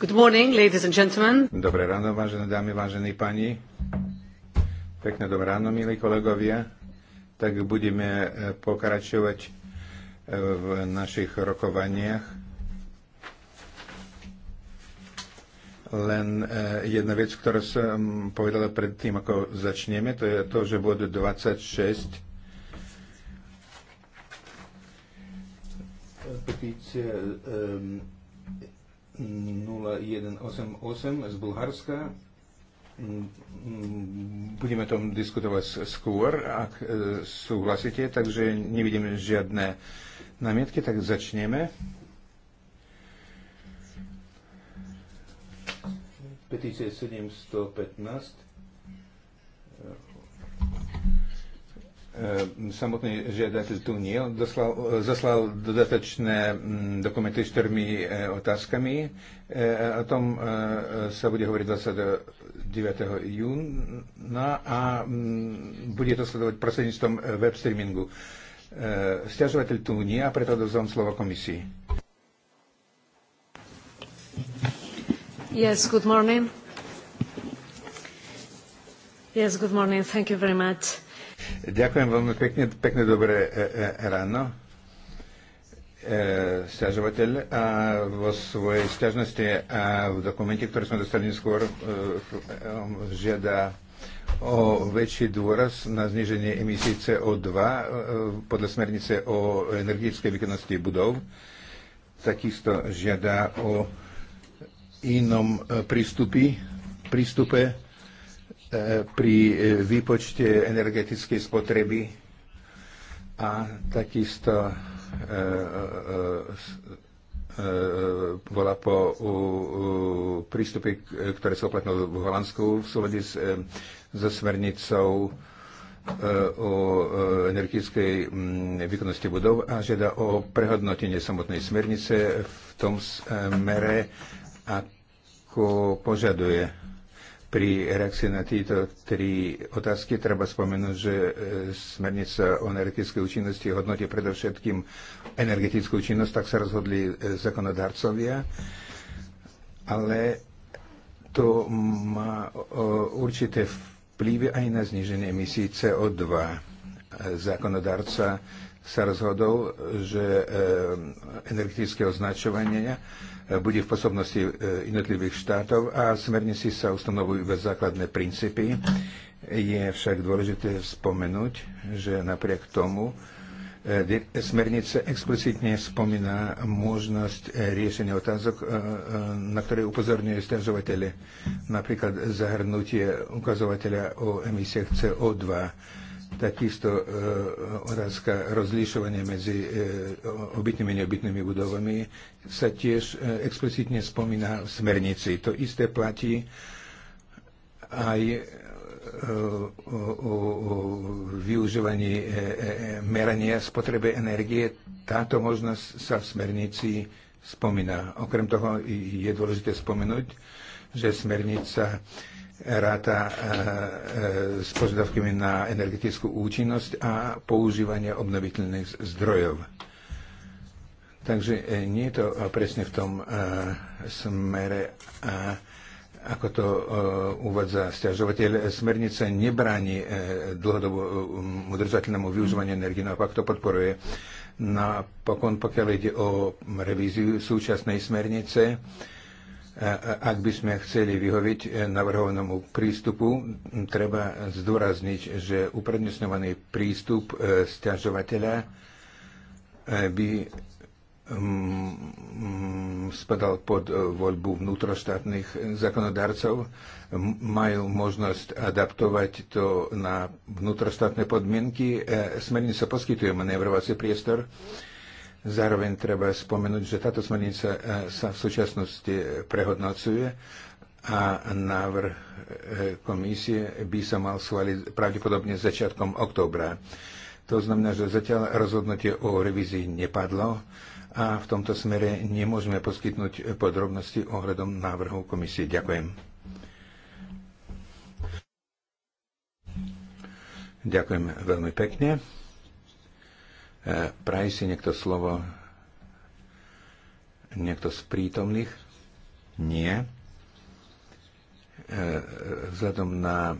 Good morning, ladies and gentlemen. Dobré ráno, vážené dámy, vážení páni. Pekné dobré ráno, milí kolegovia. Tak budeme eh, pokračovať eh, v našich rokovaniach. Len eh, jedna vec, ktorú som povedala predtým, ako začneme, to je to, že bod 26 e, 0188 ehm, z Bulharska. Budeme tom diskutovať skôr, ak e, súhlasíte, takže nevidím žiadne námietky, tak začneme. Petícia 715 Ehm, samotný žiadateľ tu nie, doslal, e, zaslal dodatočné mm, dokumenty s štyrmi e, otázkami. E, o tom sa bude hovoriť 29. júna a mm, bude to sledovať prostredníctvom web streamingu. Sťažovateľ tu nie a preto dozvám slovo komisii. Yes, good morning. Yes, good morning. Thank you very much. Ďakujem veľmi pekne, pekne dobré e, e, e, ráno. E, Sťažovateľ a vo svojej sťažnosti a v dokumente, ktorý sme dostali neskôr, e, e žiada o väčší dôraz na zniženie emisí CO2 e, e, podľa smernice o energetickej výkonnosti budov. Takisto žiada o inom prístupe, prístupe Eh, pri eh, výpočte energetickej spotreby a takisto bola eh, po prístupe, ktoré sa uplatnilo v Holandsku v súlade so smernicou o energetickej mm, výkonnosti budov a žiada o prehodnotenie samotnej smernice v tom smere, ako požaduje pri reakcii na tieto tri otázky treba spomenúť, že e, smernica o energetickej účinnosti hodnotí predovšetkým energetickú činnosť, tak sa rozhodli e, zákonodárcovia, ale to má určité vplyvy aj na zniženie emisí CO2. E, Zákonodárca sa rozhodol, že energetické označovanie bude v pôsobnosti e, jednotlivých štátov a smernici sa ustanovujú bez základné princípy. Je však dôležité spomenúť, že napriek tomu e, smernica explicitne spomína možnosť e, riešenia otázok, na ktoré upozorňujú stiažovateľe, napríklad zahrnutie ukazovateľa o emisiách CO2 takisto e, otázka rozlišovania medzi e, obytnými a neobytnými budovami sa tiež e, explicitne spomína v smernici. To isté platí aj o využívaní merania spotreby energie. Táto možnosť sa v smernici spomína. Okrem toho je dôležité spomenúť, že smernica ráta e, e, s požiadavkami na energetickú účinnosť a používanie obnoviteľných zdrojov. Takže e, nie je to presne v tom smere, ako to uvádza stiažovateľ. Smernica nebráni dlhodobo udržateľnému využívaniu energie, naopak to podporuje. Napokon, pokiaľ ide o revíziu súčasnej smernice, ak by sme chceli vyhoviť eh, navrhovanému prístupu, treba zdôrazniť, že uprednesňovaný prístup eh, sťažovateľa eh, by mm, mm, spadal pod voľbu vnútroštátnych zákonodarcov. majú možnosť adaptovať to na vnútroštátne podmienky. Smernica poskytuje manévrovací priestor Zároveň treba spomenúť, že táto smernica e, sa v súčasnosti e, prehodnocuje a návrh e, komisie by sa mal schváliť pravdepodobne začiatkom októbra. To znamená, že zatiaľ rozhodnutie o revízii nepadlo a v tomto smere nemôžeme poskytnúť podrobnosti ohľadom návrhu komisie. Ďakujem. Ďakujem veľmi pekne. E, praje si niekto slovo? Niekto z prítomných? Nie. E, vzhľadom na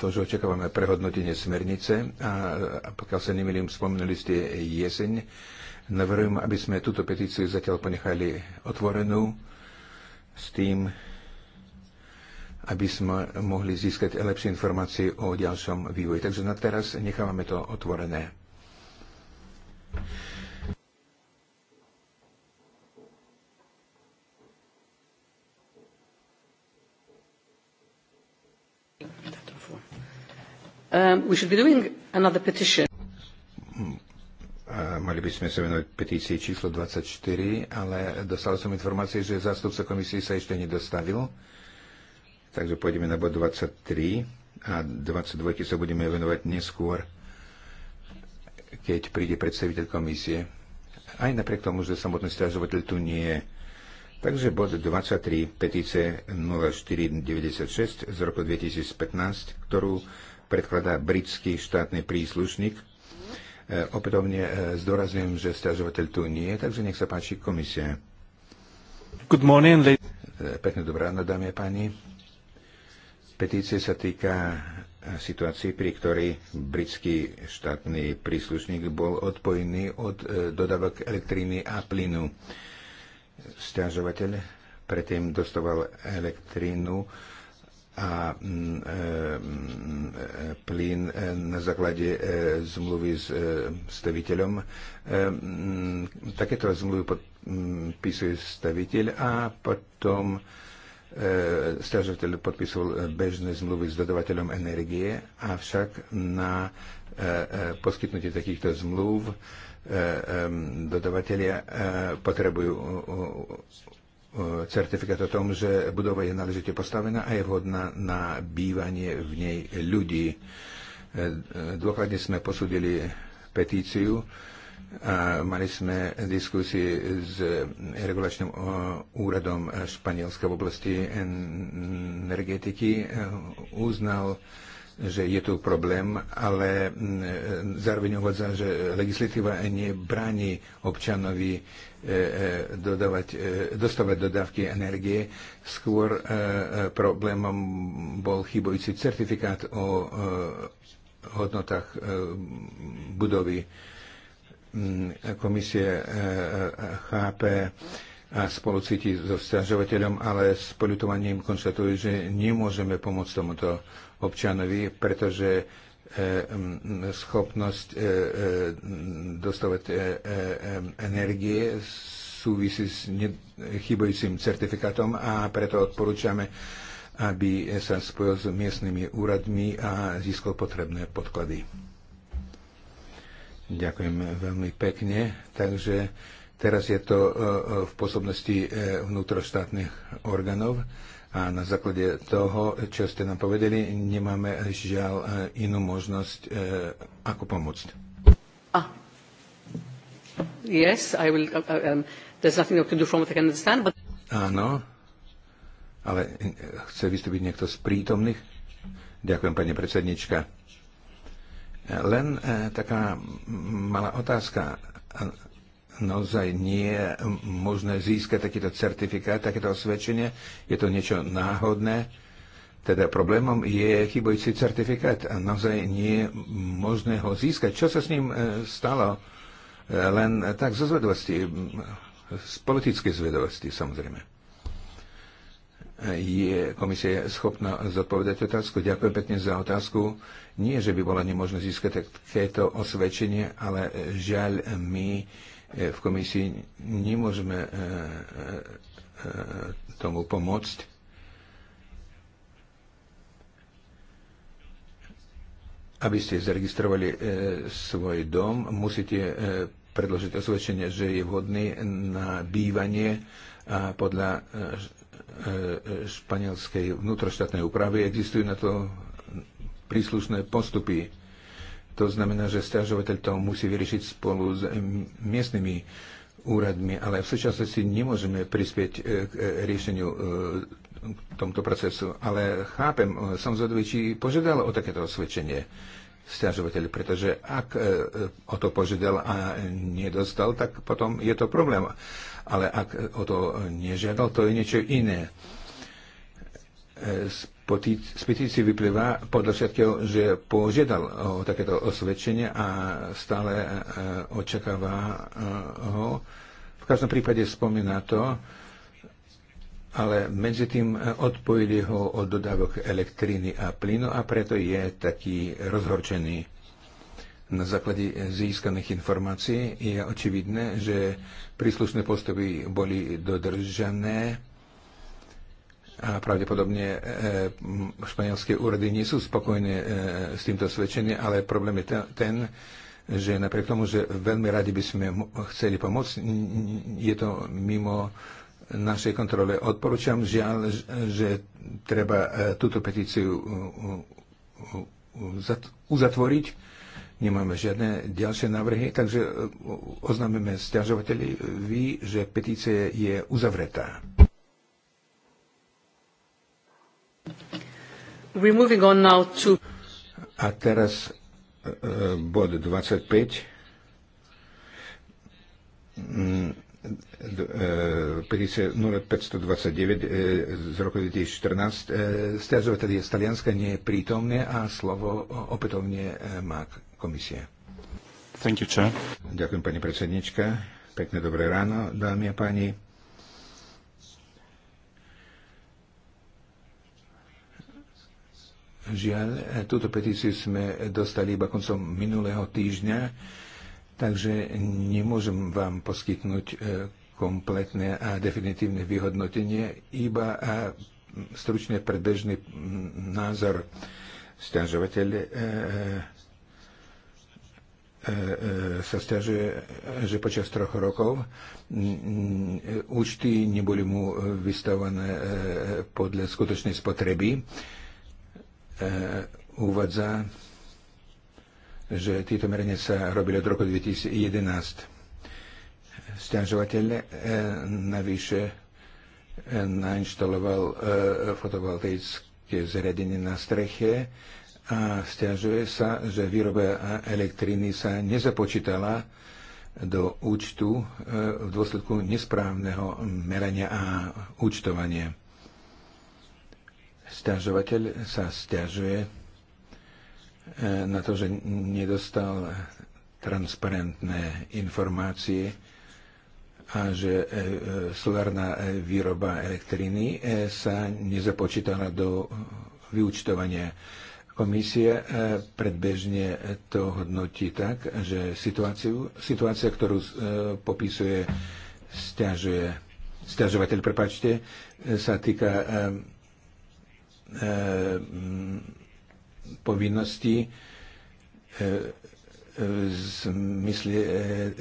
to, že očakávame prehodnotenie smernice a, a pokiaľ sa nemýlim, spomenuli ste jeseň, navrhujem, aby sme túto petíciu zatiaľ ponechali otvorenú s tým, aby sme mohli získať lepšie informácie o ďalšom vývoji. Takže na teraz nechávame to otvorené. Um, we should be doing another petition. Mali by sme sa venovať petícii číslo 24, ale dostal som informácie, že zástupca komisie sa ešte nedostavil. Takže pôjdeme na bod 23 a 22 sa budeme venovať neskôr keď príde predstaviteľ komisie. Aj napriek tomu, že samotný stiažovateľ tu nie je. Takže bod 23 petice 0496 z roku 2015, ktorú predkladá britský štátny príslušník. E, opätovne e, zdôrazňujem, že stiažovateľ tu nie je, takže nech sa páči komisia. Good morning, e, Pekne dobrá ráno, dámy a páni. Petície sa týka situácii, pri ktorej britský štátny príslušník bol odpojený od e, dodávok elektriny a plynu. Sťažovateľ predtým dostával elektrínu a mm, e, mm, e, plyn na základe zmluvy s staviteľom. Mm, takéto zmluvy podpisuje staviteľ a potom E, Stiažovateľ podpísal e, bežné zmluvy s dodavateľom energie, avšak na e, poskytnutie takýchto zmluv dodavatelia potrebujú certifikát o tom, že budova je náležite postavená a je vhodná na bývanie v nej ľudí. Dôkladne sme posúdili petíciu, a mali sme diskusie s regulačným e, úradom Španielska v oblasti energetiky. E, uznal, že je tu problém, ale zároveň uvádza, že legislatíva nebráni občanovi e, dodávať, dostávať dodávky energie. Skôr problémom bol chybujúci certifikát o hodnotách budovy Mm, komisie e, e, chápe a spolucíti so stiažovateľom, ale s poľutovaním konštatuje, že nemôžeme pomôcť tomuto občanovi, pretože e, schopnosť dostávať energie súvisí s chybajúcim certifikátom a preto odporúčame, aby sa spojil s miestnymi úradmi a získal potrebné podklady. Ďakujem veľmi pekne. Takže teraz je to e, e, v pôsobnosti e, vnútroštátnych orgánov a na základe toho, čo ste nám povedali, nemáme žiaľ inú možnosť, ako pomôcť. Ah. Yes, I will, uh, uh, um, there's nothing I can do from what I can understand, but... Áno, ale chce vystúpiť niekto z prítomných? Ďakujem, pani predsednička. Len e, taká malá otázka. Naozaj nie je možné získať takýto certifikát, takéto osvedčenie? Je to niečo náhodné? Teda problémom je chybujúci certifikát a naozaj nie je možné ho získať. Čo sa s ním e, stalo? E, len tak zo zvedovosti, z politickej zvedovosti samozrejme je komisia schopná zodpovedať otázku? Ďakujem pekne za otázku. Nie, že by bola nemožné získať takéto osvedčenie, ale žiaľ, my eh, v komisii nemôžeme eh, eh, tomu pomôcť. Aby ste zaregistrovali svoj dom, musíte predložiť osvedčenie, že je vhodný na bývanie a podľa E, e, španielskej vnútroštátnej úpravy. Existujú na to príslušné postupy. To znamená, že stiažovateľ to musí vyriešiť spolu s miestnymi úradmi, ale v súčasnosti nemôžeme prispieť e, k riešeniu k tomto procesu. Ale chápem, som zvedavý, či požiadal o takéto osvedčenie stiažovateľ, pretože ak o to požiadal a nedostal, tak potom je to problém ale ak o to nežiadal, to je niečo iné. E, z petícii vyplýva podľa všetkého, že požiadal o takéto osvedčenie a stále e, očakáva e, ho. V každom prípade spomína to, ale medzi tým odpojili ho od dodávok elektriny a plynu a preto je taký rozhorčený na základe získaných informácií je očividné, že príslušné postupy boli dodržané a pravdepodobne e, španielské úrady nie sú spokojné e, s týmto svedčením, ale problém je ten, že napriek tomu, že veľmi radi by sme chceli pomôcť, je to mimo našej kontrole. Odporúčam žiaľ, že treba e, túto petíciu uzatvoriť Nemáme žiadne ďalšie návrhy, takže e, oznámime stiažovateľi e, vy, že petícia je uzavretá. To... A teraz e, bod 25 petície 0529 z roku 2014. Stiažovateľ je z Talianska, nie je prítomné a slovo opätovne má komisie. Thank you, Chair. Ďakujem, pani predsednička. Pekné dobré ráno, dámy a páni. Žiaľ, túto petíciu sme dostali iba koncom minulého týždňa, takže nemôžem vám poskytnúť e, kompletné a definitívne vyhodnotenie, iba a e, stručne predbežný názor. Sťažovateľ e, E, e, sa stiažuje, že počas troch rokov účty neboli mu vystavované e, podľa skutočnej spotreby. Uvádza, že tieto merenia sa robili od roku 2011. Stiažovateľ navyše nainštaloval fotovoltaické zariadenie na streche, a stiažuje sa, že výroba elektriny sa nezapočítala do účtu e, v dôsledku nesprávneho merania a účtovania. Stiažovateľ sa stiažuje e, na to, že nedostal transparentné informácie a že e, solárna výroba elektriny sa nezapočítala do vyúčtovania Komisie eh, predbežne to hodnotí tak, že situáciu, situácia, ktorú eh, popisuje stiažuje, stiažovateľ, prepačte, eh, sa týka povinností povinnosti v zmysle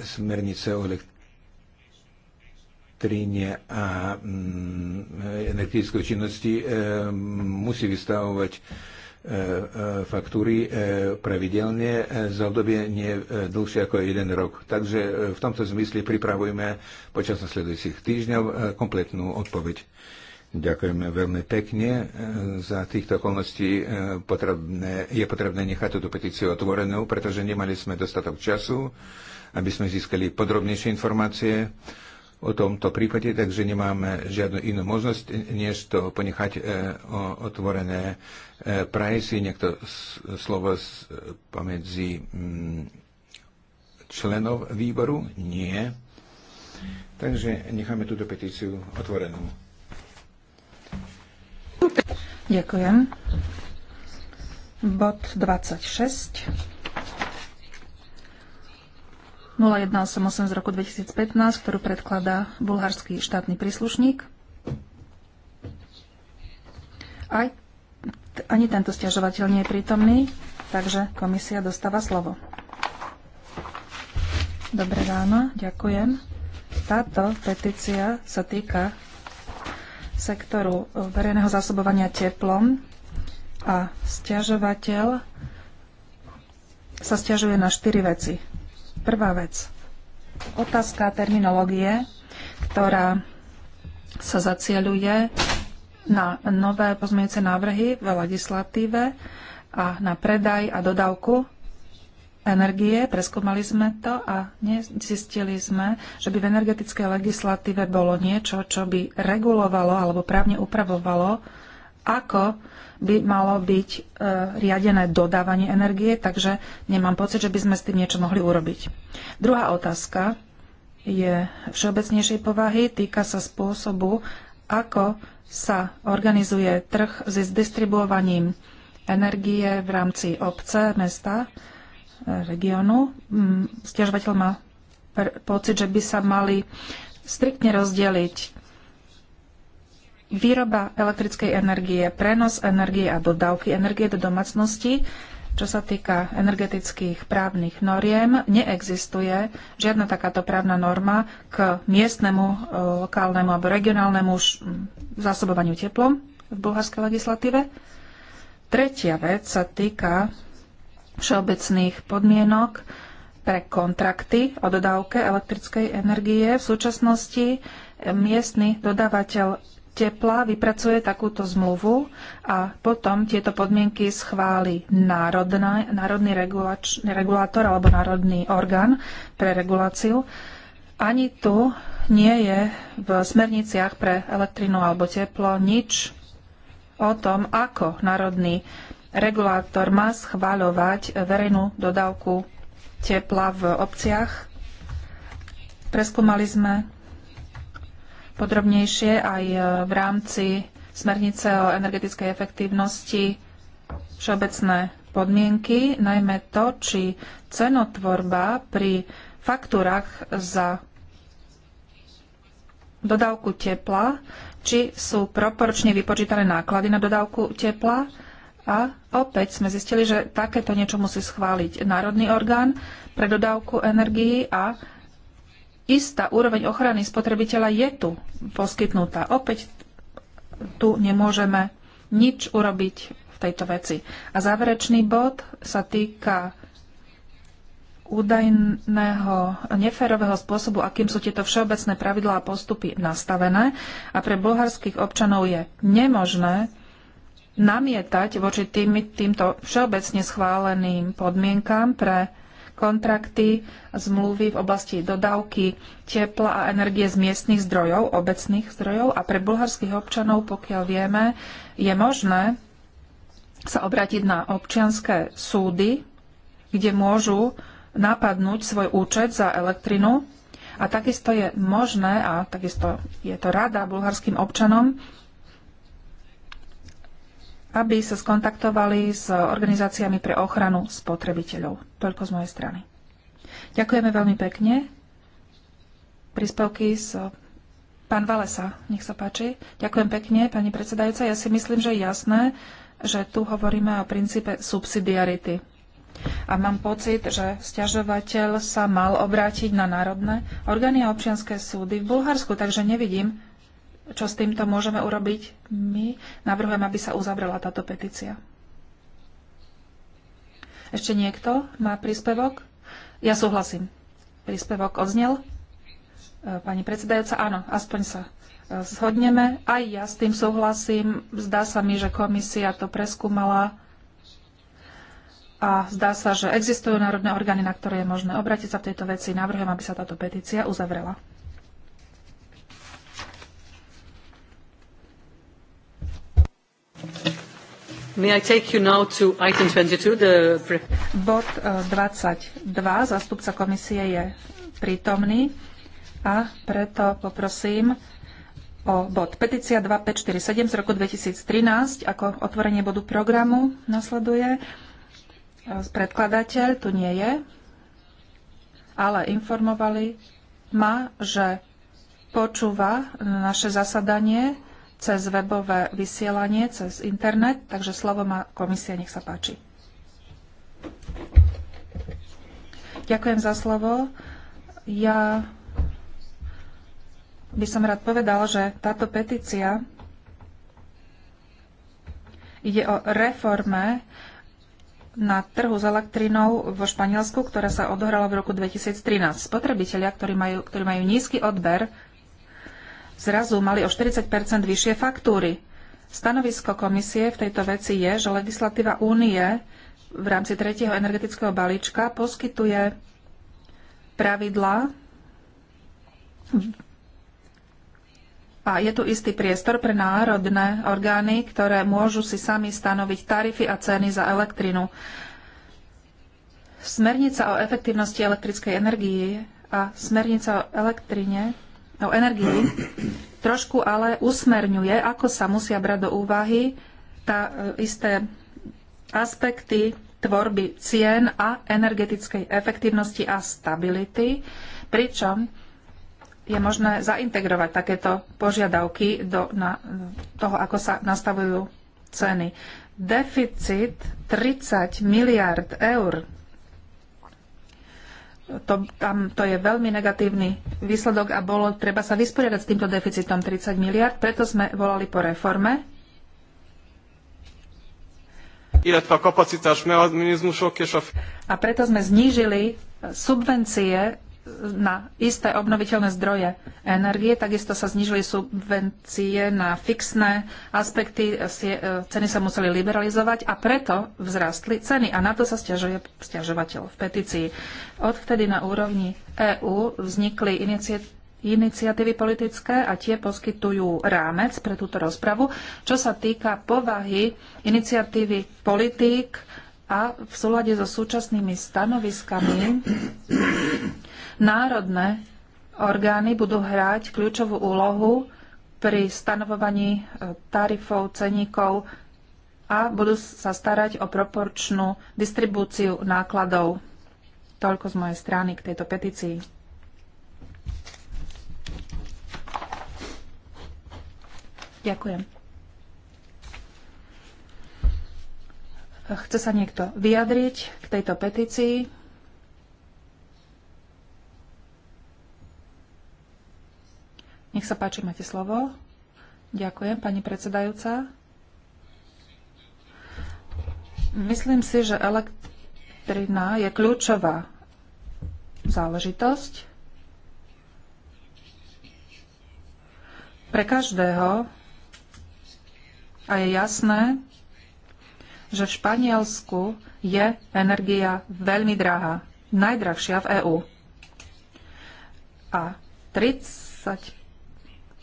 smernice o elektríne a mm, energetickej činnosti musí vystavovať E, e, faktúry e, pravidelne za obdobie nie dlhšie ako jeden rok. Takže v tomto zmysle pripravujeme počas nasledujúcich týždňov kompletnú odpoveď. Ďakujeme veľmi pekne. Za týchto okolností potrebné, je potrebné nechať túto petíciu otvorenú, pretože nemali sme dostatok času, aby sme získali podrobnejšie informácie o tomto prípade, takže nemáme žiadnu inú možnosť, než to ponechať e, o, otvorené. e, prajsy, niekto slovo z, pomedzi m, mm, členov výboru? Nie. Takže necháme túto petíciu otvorenú. Ďakujem. Bod 26. 0188 z roku 2015, ktorú predkladá bulharský štátny príslušník. Aj, ani tento stiažovateľ nie je prítomný, takže komisia dostáva slovo. Dobré ráno, ďakujem. Táto petícia sa týka sektoru e, verejného zásobovania teplom a stiažovateľ sa stiažuje na štyri veci Prvá vec. Otázka terminológie, ktorá sa zacieluje na nové pozmeňujúce návrhy v legislatíve a na predaj a dodávku energie. Preskúmali sme to a nezistili sme, že by v energetickej legislatíve bolo niečo, čo by regulovalo alebo právne upravovalo ako by malo byť e, riadené dodávanie energie, takže nemám pocit, že by sme s tým niečo mohli urobiť. Druhá otázka je všeobecnejšej povahy, týka sa spôsobu, ako sa organizuje trh s distribuovaním energie v rámci obce, mesta, e, regionu. Mm, Stiažovateľ má pocit, že by sa mali striktne rozdeliť Výroba elektrickej energie, prenos energie a dodávky energie do domácnosti, čo sa týka energetických právnych noriem, neexistuje žiadna takáto právna norma k miestnemu, e, lokálnemu alebo regionálnemu zásobovaniu teplom v bulharskej legislatíve. Tretia vec sa týka všeobecných podmienok pre kontrakty o dodávke elektrickej energie. V súčasnosti miestny dodávateľ tepla vypracuje takúto zmluvu a potom tieto podmienky schváli národná, národný regulač, regulátor alebo národný orgán pre reguláciu. Ani tu nie je v smerniciach pre elektrinu alebo teplo nič o tom, ako národný regulátor má schváľovať verejnú dodávku tepla v obciach. Preskúmali sme podrobnejšie aj e, v rámci smernice o energetickej efektívnosti všeobecné podmienky, najmä to, či cenotvorba pri faktúrach za dodávku tepla, či sú proporčne vypočítané náklady na dodávku tepla. A opäť sme zistili, že takéto niečo musí schváliť národný orgán pre dodávku energii a istá úroveň ochrany spotrebiteľa je tu poskytnutá. Opäť tu nemôžeme nič urobiť v tejto veci. A záverečný bod sa týka údajného neférového spôsobu, akým sú tieto všeobecné pravidlá a postupy nastavené a pre bulharských občanov je nemožné namietať voči tým, týmto všeobecne schváleným podmienkám pre kontrakty, zmluvy v oblasti dodávky tepla a energie z miestnych zdrojov, obecných zdrojov a pre bulharských občanov, pokiaľ vieme, je možné sa obrátiť na občianské súdy, kde môžu napadnúť svoj účet za elektrinu a takisto je možné, a takisto je to rada bulharským občanom, aby sa skontaktovali s organizáciami pre ochranu spotrebiteľov. Toľko z mojej strany. Ďakujeme veľmi pekne. Príspevky z eh, Pán Valesa, nech sa páči. Ďakujem pekne, pani predsedajúca. Ja si myslím, že je jasné, že tu hovoríme o princípe subsidiarity. A mám pocit, že stiažovateľ sa mal obrátiť na národné orgány a občianské súdy v Bulharsku, takže nevidím čo s týmto môžeme urobiť my, navrhujem, aby sa uzavrela táto petícia. Ešte niekto má príspevok? Ja súhlasím. Príspevok odznel. E, pani predsedajúca, áno, aspoň sa e, zhodneme. Aj ja s tým súhlasím. Zdá sa mi, že komisia to preskúmala a zdá sa, že existujú národné orgány, na ktoré je možné obrátiť sa v tejto veci. Navrhujem, aby sa táto petícia uzavrela. May I take you now to item 22, the... Bod 22. Eh, Zastupca komisie je prítomný a preto poprosím o bod petícia 2547 z roku 2013 ako otvorenie bodu programu nasleduje. Eh, predkladateľ tu nie je, ale informovali ma, že počúva naše zasadanie cez webové vysielanie, cez internet, takže slovo má komisia, nech sa páči. Ďakujem za slovo. Ja by som rád povedal, že táto petícia ide o reforme na trhu s elektrinou vo Španielsku, ktorá sa odohrala v roku 2013. Spotrebitelia, ktorí majú, ktorí majú nízky odber zrazu mali o 40 vyššie faktúry. Stanovisko komisie v tejto veci je, že legislatíva únie v rámci tretieho energetického balíčka poskytuje pravidla a je tu istý priestor pre národné orgány, ktoré môžu si sami stanoviť tarify a ceny za elektrinu. Smernica o efektívnosti elektrickej energie a smernica o elektrine o energii trošku ale usmerňuje, ako sa musia brať do úvahy tá e, isté aspekty tvorby cien a energetickej efektívnosti a stability, pričom je možné zaintegrovať takéto požiadavky do na, toho, ako sa nastavujú ceny. Deficit 30 miliard eur to, tam to je veľmi negatívny výsledok a bolo treba sa vysporiadať s týmto deficitom 30 miliard, preto sme volali po reforme. A preto sme znížili subvencie na isté obnoviteľné zdroje energie. Takisto sa znižili subvencie na fixné aspekty, e, ceny sa museli liberalizovať a preto vzrastli ceny. A na to sa stiažuje stiažovateľ v petícii. Odvtedy na úrovni EÚ vznikli iniciatívy politické a tie poskytujú rámec pre túto rozpravu, čo sa týka povahy iniciatívy politík a v súlade so súčasnými stanoviskami Národné orgány budú hrať kľúčovú úlohu pri stanovovaní e, tarifov, ceníkov a budú sa starať o proporčnú distribúciu nákladov. Toľko z mojej strany k tejto petícii. Ďakujem. Chce sa niekto vyjadriť k tejto petícii? Nech sa páči, máte slovo. Ďakujem, pani predsedajúca. Myslím si, že elektrina je kľúčová záležitosť pre každého a je jasné, že v Španielsku je energia veľmi drahá, najdrahšia v EÚ. A 30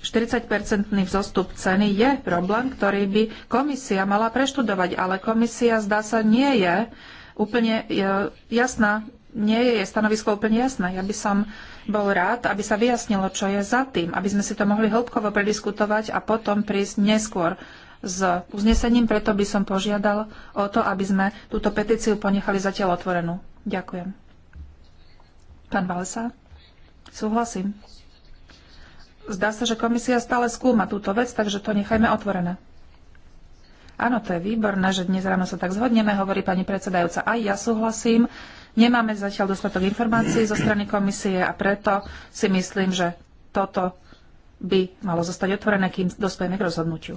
40-percentný vzostup ceny je problém, ktorý by komisia mala preštudovať, ale komisia zdá sa nie je úplne e, jasná, nie je jej stanovisko úplne jasné. Ja by som bol rád, aby sa vyjasnilo, čo je za tým, aby sme si to mohli hĺbkovo prediskutovať a potom prísť neskôr s uznesením, preto by som požiadal o to, aby sme túto petíciu ponechali zatiaľ otvorenú. Ďakujem. Pán Valesa? Súhlasím. Zdá sa, že komisia stále skúma túto vec, takže to nechajme otvorené. Áno, to je výborné, že dnes ráno sa tak zhodneme, hovorí pani predsedajúca. Aj ja súhlasím. Nemáme zatiaľ dostatok informácií zo strany komisie a preto si myslím, že toto by malo zostať otvorené, kým dospejeme k rozhodnutiu.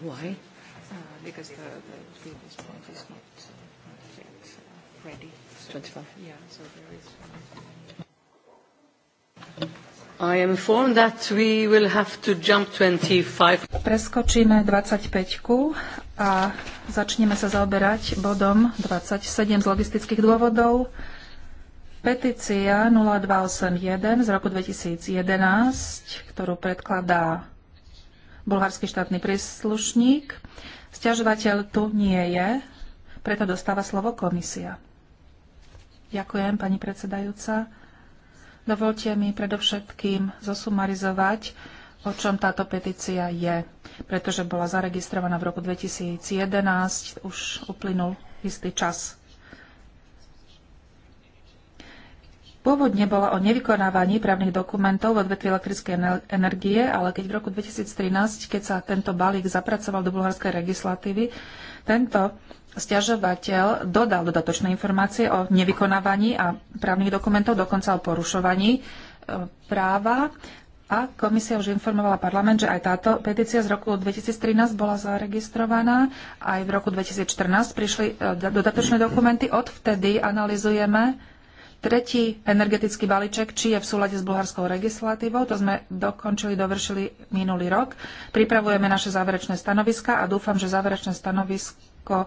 Why? Uh, because the, the previous point is not, not yet ready. So, 25. Yeah, so there is. I am informed that we will have to jump 25. Preskočíme 25 a začneme sa zaoberať bodom 27 z logistických dôvodov. Petícia 0281 z roku 2011, ktorú predkladá bulharský štátny príslušník. Sťažovateľ tu nie je, preto dostáva slovo komisia. Ďakujem, pani predsedajúca. Dovolte mi predovšetkým zosumarizovať, o čom táto petícia je, pretože bola zaregistrovaná v roku 2011, už uplynul istý čas. Pôvodne bola o nevykonávaní právnych dokumentov v odvetvi elektrickej energie, ale keď v roku 2013, keď sa tento balík zapracoval do bulharskej legislatívy, tento stiažovateľ dodal dodatočné informácie o nevykonávaní a právnych dokumentov, dokonca o porušovaní e, práva. A komisia už informovala parlament, že aj táto petícia z roku 2013 bola zaregistrovaná. Aj v roku 2014 prišli e, dodatočné dokumenty. Odvtedy analizujeme Tretí energetický balíček, či je v súlade s bulharskou legislatívou, to sme dokončili, dovršili minulý rok. Pripravujeme naše záverečné stanoviska a dúfam, že záverečné stanovisko e,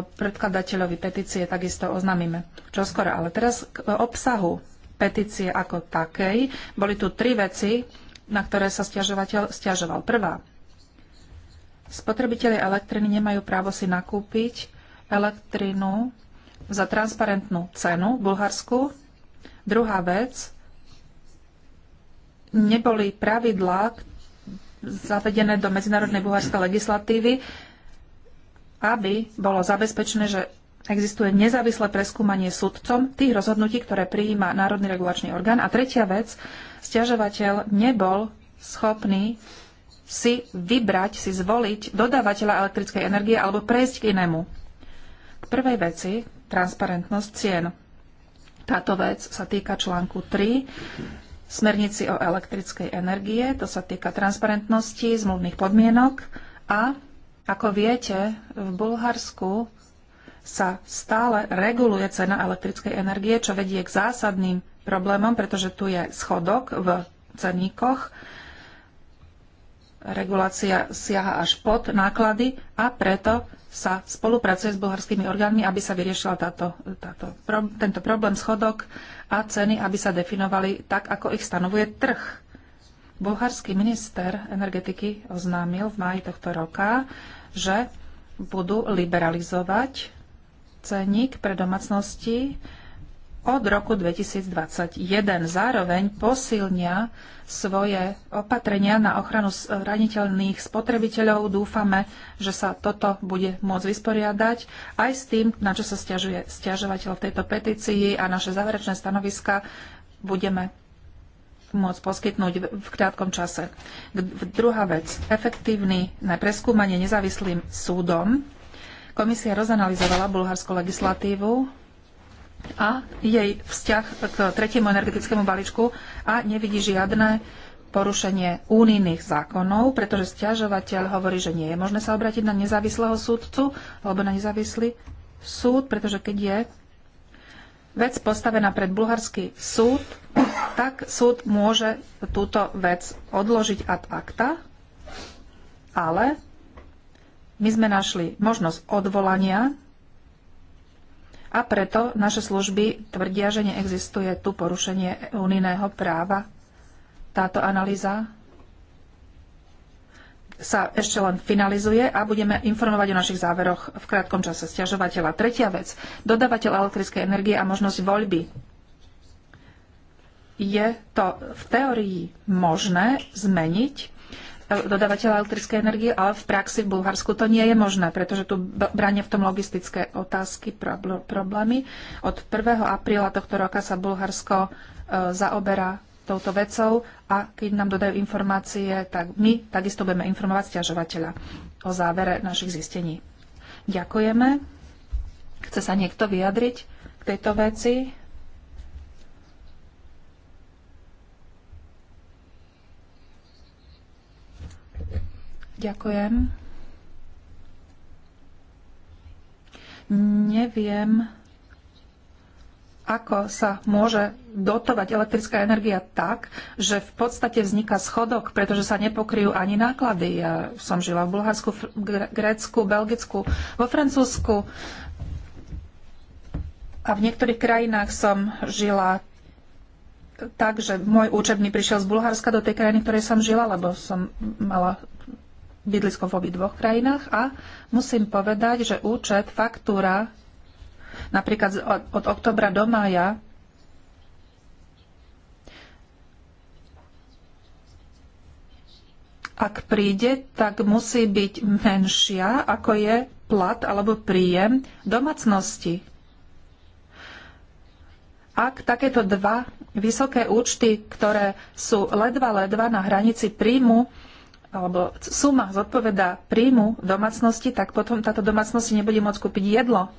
predkladateľovi petície takisto oznamíme. Čo skoro, ale teraz k obsahu petície ako takej. Boli tu tri veci, na ktoré sa stiažovateľ stiažoval. Prvá. Spotrebitelia elektriny nemajú právo si nakúpiť elektrinu za transparentnú cenu v Bulharsku. Druhá vec, neboli pravidlá zavedené do medzinárodnej bulharskej legislatívy, aby bolo zabezpečené, že existuje nezávislé preskúmanie sudcom tých rozhodnutí, ktoré prijíma Národný regulačný orgán. A tretia vec, stiažovateľ nebol schopný si vybrať, si zvoliť dodávateľa elektrickej energie alebo prejsť k inému. K prvej veci, transparentnosť cien. Táto vec sa týka článku 3 smernici o elektrickej energie, to sa týka transparentnosti, zmluvných podmienok a, ako viete, v Bulharsku sa stále reguluje cena elektrickej energie, čo vedie k zásadným problémom, pretože tu je schodok v ceníkoch. Regulácia siaha až pod náklady a preto sa spolupracuje s bulharskými orgánmi, aby sa vyriešila táto, táto, pro, tento problém schodok a ceny, aby sa definovali tak, ako ich stanovuje trh. Bulharský minister energetiky oznámil v máji tohto roka, že budú liberalizovať ceník pre domácnosti od roku 2021. Zároveň posilnia svoje opatrenia na ochranu zraniteľných spotrebiteľov. Dúfame, že sa toto bude môcť vysporiadať aj s tým, na čo sa stiažuje stiažovateľ v tejto petícii a naše záverečné stanoviska budeme môcť poskytnúť v krátkom čase. Druhá vec. Efektívny na preskúmanie nezávislým súdom. Komisia rozanalizovala bulharskú legislatívu a jej vzťah k tretiemu energetickému balíčku a nevidí žiadne porušenie únijných zákonov, pretože stiažovateľ hovorí, že nie je možné sa obrátiť na nezávislého súdcu alebo na nezávislý súd, pretože keď je vec postavená pred bulharský súd, tak súd môže túto vec odložiť ad acta, ale my sme našli možnosť odvolania a preto naše služby tvrdia, že neexistuje tu porušenie unijného práva. Táto analýza sa ešte len finalizuje a budeme informovať o našich záveroch v krátkom čase stiažovateľa. Tretia vec. Dodávateľ elektrickej energie a možnosť voľby. Je to v teórii možné zmeniť dodávateľa elektrickej energie, ale v praxi v Bulharsku to nie je možné, pretože tu brania v tom logistické otázky, problémy. Od 1. apríla tohto roka sa Bulharsko e, zaoberá touto vecou a keď nám dodajú informácie, tak my takisto budeme informovať stiažovateľa o závere našich zistení. Ďakujeme. Chce sa niekto vyjadriť k tejto veci? Ďakujem. Neviem, ako sa môže dotovať elektrická energia tak, že v podstate vzniká schodok, pretože sa nepokryjú ani náklady. Ja som žila v Bulharsku, Grécku, Belgicku, vo Francúzsku a v niektorých krajinách som žila tak, že môj účet mi prišiel z Bulharska do tej krajiny, ktorej som žila, lebo som mala bydlisko v obi dvoch krajinách a musím povedať, že účet, faktúra napríklad od, od oktobra do mája ak príde, tak musí byť menšia, ako je plat alebo príjem domácnosti. Ak takéto dva vysoké účty, ktoré sú ledva ledva na hranici príjmu, alebo suma zodpovedá príjmu domácnosti, tak potom táto domácnosť nebude môcť kúpiť jedlo.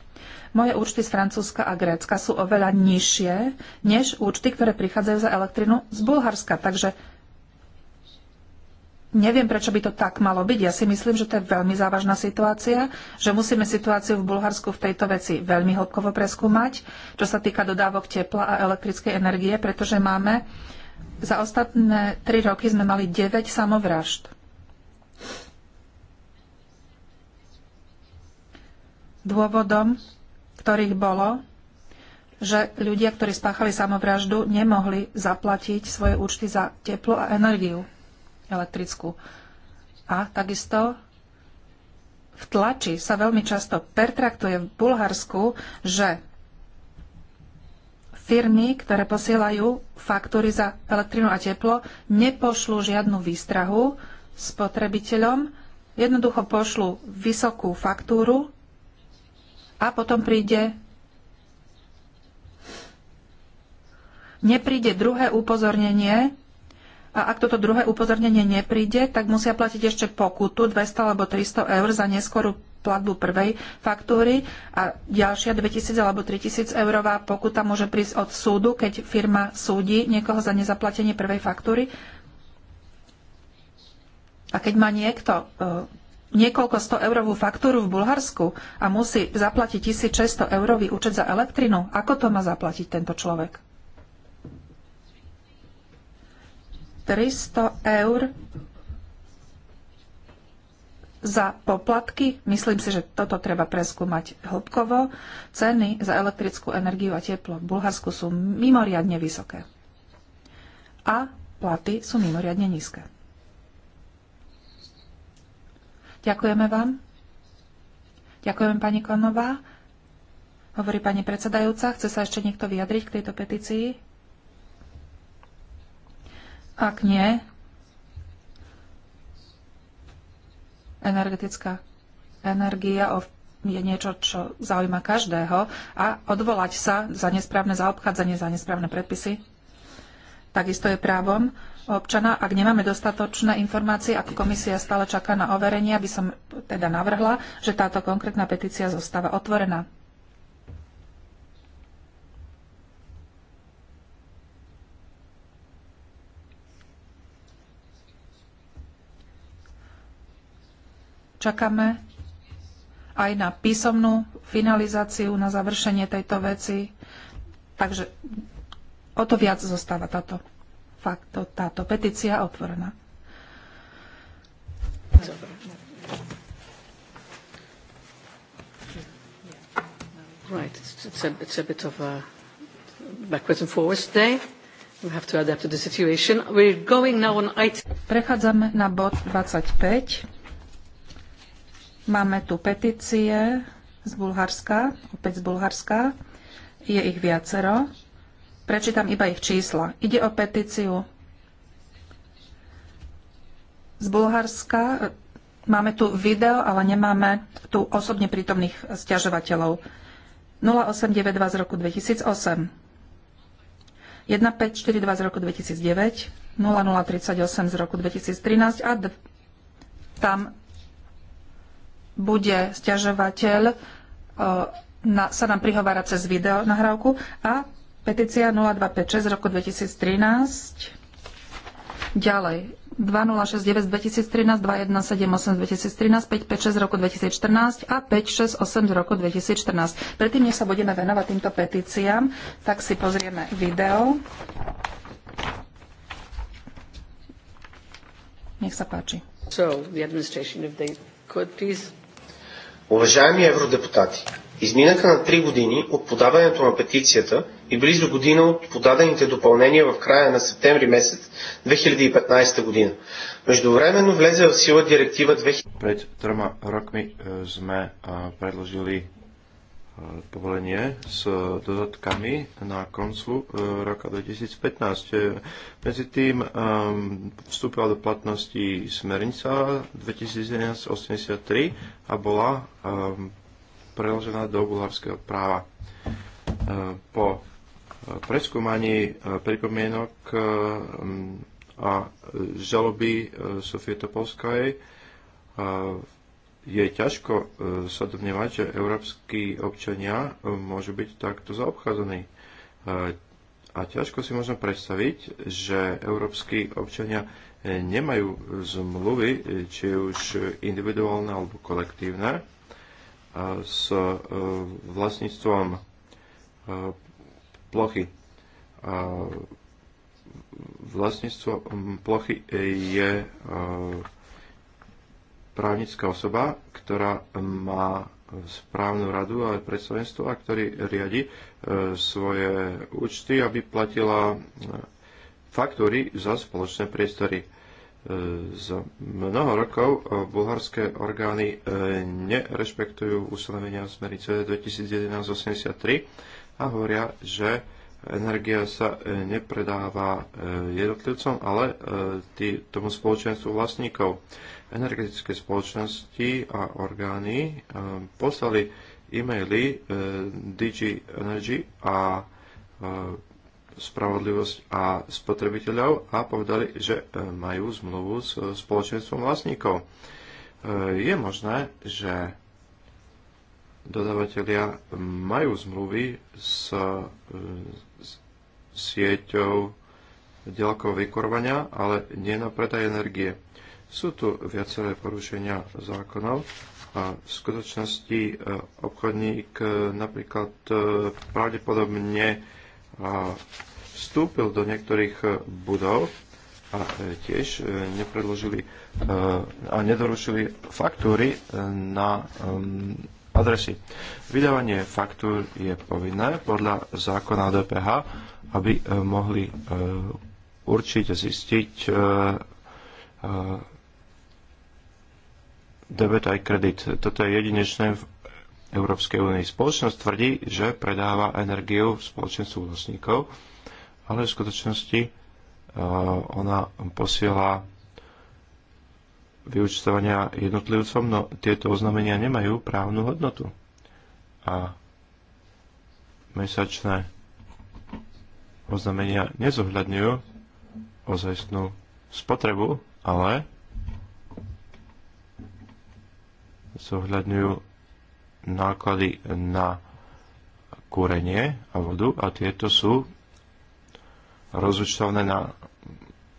Moje účty z Francúzska a Grécka sú oveľa nižšie než účty, ktoré prichádzajú za elektrinu z Bulharska. Takže neviem, prečo by to tak malo byť. Ja si myslím, že to je veľmi závažná situácia, že musíme situáciu v Bulharsku v tejto veci veľmi hlbkovo preskúmať, čo sa týka dodávok tepla a elektrickej energie, pretože máme za ostatné tri roky sme mali 9 samovražd. dôvodom ktorých bolo, že ľudia, ktorí spáchali samovraždu, nemohli zaplatiť svoje účty za teplo a energiu elektrickú. A takisto v tlači sa veľmi často pertraktuje v Bulharsku, že firmy, ktoré posielajú faktúry za elektrinu a teplo, nepošlú žiadnu výstrahu spotrebiteľom, jednoducho pošlú vysokú faktúru a potom príde nepríde druhé upozornenie a ak toto druhé upozornenie nepríde, tak musia platiť ešte pokutu 200 alebo 300 eur za neskorú platbu prvej faktúry a ďalšia 2000 alebo 3000 eurová pokuta môže prísť od súdu, keď firma súdi niekoho za nezaplatenie prvej faktúry. A keď má niekto niekoľko 100 eurovú faktúru v Bulharsku a musí zaplatiť 1600 eurový účet za elektrinu, ako to má zaplatiť tento človek? 300 eur za poplatky. Myslím si, že toto treba preskúmať hĺbkovo. Ceny za elektrickú energiu a teplo v Bulharsku sú mimoriadne vysoké. A platy sú mimoriadne nízke. Ďakujeme vám. Ďakujeme pani Konová. Hovorí pani predsedajúca. Chce sa ešte niekto vyjadriť k tejto petícii? Ak nie, energetická energia je niečo, čo zaujíma každého a odvolať sa za nesprávne zaobchádzanie, za nesprávne predpisy, takisto je právom občana, ak nemáme dostatočné informácie, ak komisia stále čaká na overenie, aby som teda navrhla, že táto konkrétna petícia zostáva otvorená. Čakáme aj na písomnú finalizáciu, na završenie tejto veci. Takže o to viac zostáva táto facto táto petícia otvorená. Right, it's a, it's a bit of a backwards and forwards today. We have to adapt to the situation. We're going now on item... Prechádzame na bod 25. Máme tu petície z Bulharska, opäť z Bulharska. Je ich viacero. Prečítam iba ich čísla. Ide o petíciu z Bulharska. Máme tu video, ale nemáme tu osobne prítomných stiažovateľov. 0892 z roku 2008, 1542 z roku 2009, 0038 z roku 2013 a tam bude stiažovateľ na, sa nám prihovára cez video nahrávku a Petícia 0256 z roku 2013. Ďalej. 2069 z 2013, 2178 z 2013, 556 z roku 2014 a 568 z roku 2014. Predtým, než sa budeme venovať týmto petíciám, tak si pozrieme video. Nech sa páči. So, the administration, if they could, please. Изминаха на три години от подаването на петицията и близо година от подадените допълнения в края на септември месец 2015 година. Междувременно влезе в сила директива 2000... Пред трема ми сме предложили повеление с додатками на koncu рака 2015. Medzi тим вступила до платности смерница 2011-83 a bola preložená do bulharského práva. E, po e, preskúmaní e, pripomienok a žaloby Sofie Topolskej je ťažko sa domnievať, že európsky občania môžu byť takto zaobchádzaní. A ťažko si možno predstaviť, že európsky občania nemajú zmluvy, či už individuálne alebo kolektívne, s e, vlastníctvom e, plochy. Vlastníctvo plochy je e, právnická osoba, ktorá má správnu radu a predstavenstvo a ktorý riadi svoje účty, aby platila faktúry za spoločné priestory. E, za mnoho rokov e, bulharské orgány e, nerešpektujú ustanovenia smernice 2011-83 a hovoria, že energia sa nepredáva jednotlivcom, ale tý, tomu spoločenstvu vlastníkov. Energetické spoločnosti a orgány poslali e-maily DG Energy a spravodlivosť a spotrebiteľov a povedali, že e, majú zmluvu s e, spoločenstvom vlastníkov. E, je možné, že dodavatelia majú zmluvy s sieťou ďalkov vykurovania, ale nie na predaj energie. Sú tu viaceré porušenia zákonov a v skutočnosti obchodník napríklad pravdepodobne vstúpil do niektorých eh, budov a eh, tiež eh, nepredložili a nedorušili faktúry na ehm, adresy. Vydávanie faktúr je povinné podľa zákona DPH, aby mohli určite zistiť debet aj kredit. Toto je jedinečné v Európskej únie. Spoločnosť tvrdí, že predáva energiu spoločenstvu vlastníkov, ale v skutočnosti e, ona posiela vyučtovania jednotlivcom, no tieto oznamenia nemajú právnu hodnotu. A mesačné oznámenia nezohľadňujú ozajstnú spotrebu, ale zohľadňujú náklady na kúrenie a vodu a tieto sú rozúčtované na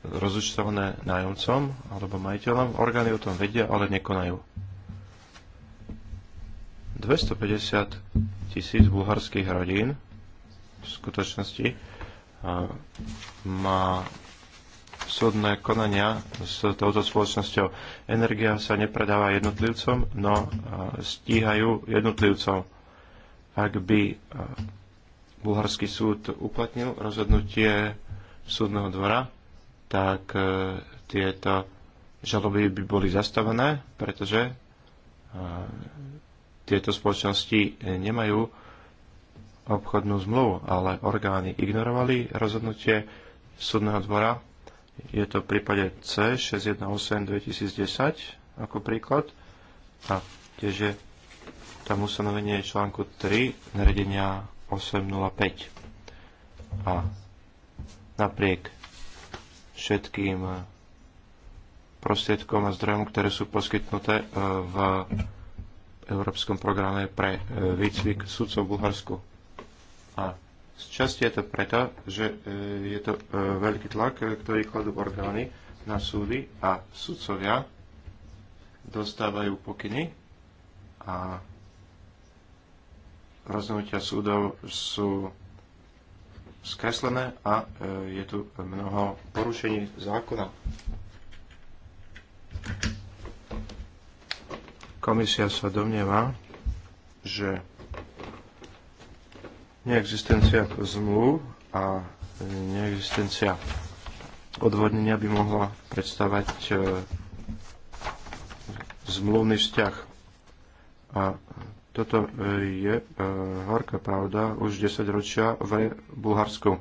rozúčtované nájomcom alebo majiteľom. Orgány o tom vedia, ale nekonajú. 250 tisíc bulharských rodín v skutočnosti má súdne konania s touto spoločnosťou. Energia sa nepredáva jednotlivcom, no e, stíhajú jednotlivcov. Ak by e, bulharský súd uplatnil rozhodnutie súdneho dvora, tak e, tieto žaloby by boli zastavené, pretože tieto spoločnosti nemajú obchodnú zmluvu, ale orgány ignorovali rozhodnutie súdneho dvora je to v prípade C618-2010 ako príklad a tiež je tam ustanovenie článku 3 naredenia 805. A napriek všetkým prostriedkom a zdrojom, ktoré sú poskytnuté e, v Európskom programe pre e, výcvik sudcov v Bulharsku. A z časti je to preto, že e, je to e, veľký tlak, e, ktorý kladú orgány na súdy a sudcovia dostávajú pokyny a rozhodnutia súdov sú skreslené a je tu mnoho porušení zákona. Komisia sa domnieva, že neexistencia zmluv a e, neexistencia odvodnenia by mohla predstavať e, zmluvný vzťah. A toto e, je horká pravda už 10 ročia v Bulharsku.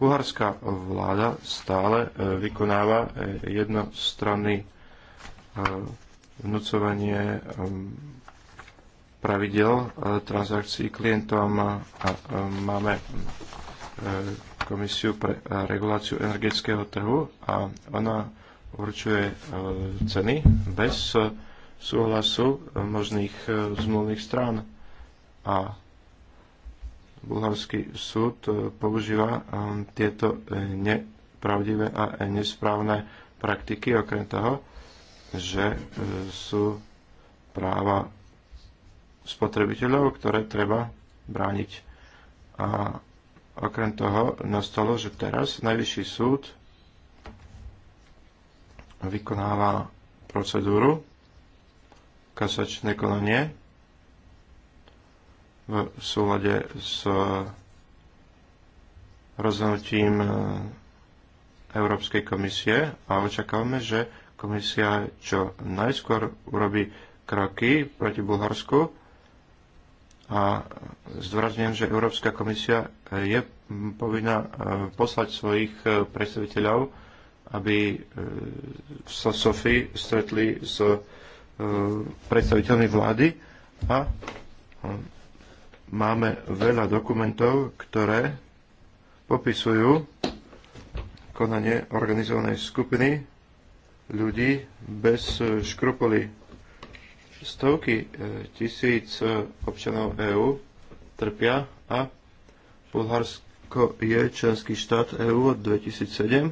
Bulharská vláda stále vykonáva jednostranný vnúcovanie pravidel e, transakcií klientom a e, máme e, komisiu pre reguláciu energetického trhu a ona určuje ceny bez súhlasu možných zmluvných strán. A bulharský súd používa tieto nepravdivé a nesprávne praktiky, okrem toho, že sú práva spotrebiteľov, ktoré treba brániť. A okrem toho nastalo, že teraz Najvyšší súd vykonáva procedúru, kasačné konanie v súlade s rozhodnutím e, Európskej komisie a očakávame, že komisia čo najskôr urobí kroky proti Bulharsku a zdôrazňujem, že Európska komisia je povinná e, poslať svojich e, predstaviteľov, aby e, sa Sofii stretli s predstaviteľmi vlády a máme veľa dokumentov, ktoré popisujú konanie organizovanej skupiny ľudí bez škrupuly Stovky e, tisíc e, občanov EÚ trpia a Bulharsko je členský štát EÚ od 2007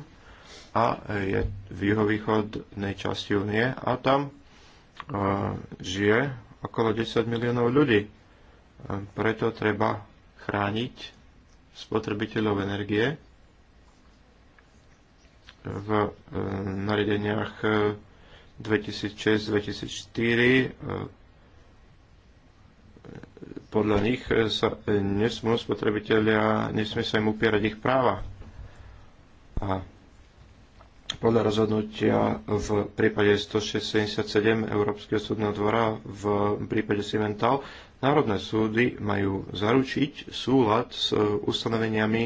a je v juhovýchodnej časti únie a tam e, žije okolo 10 miliónov ľudí. Preto treba chrániť spotrebiteľov energie v nariadeniach 2006-2004 eh, podľa nich eh, sa eh, nesmú spotrebitelia, nesmie sa im upierať ich práva. A podľa rozhodnutia v prípade 177 Európskeho súdneho dvora v prípade Cimental národné súdy majú zaručiť súlad s ustanoveniami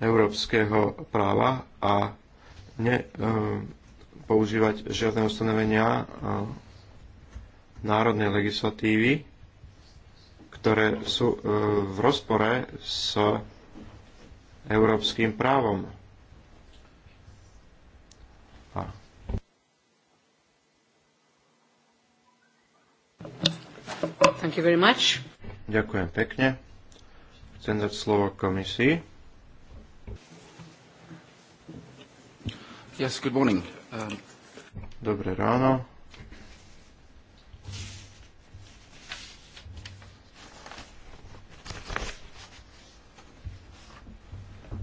európskeho práva a ne, používať žiadne ustanovenia národnej legislatívy, ktoré sú e, v rozpore s európskym právom. Thank you very much. Ďakujem pekne. Chcem dať slovo komisii. Yes, good morning. Ehm. Dobré ráno.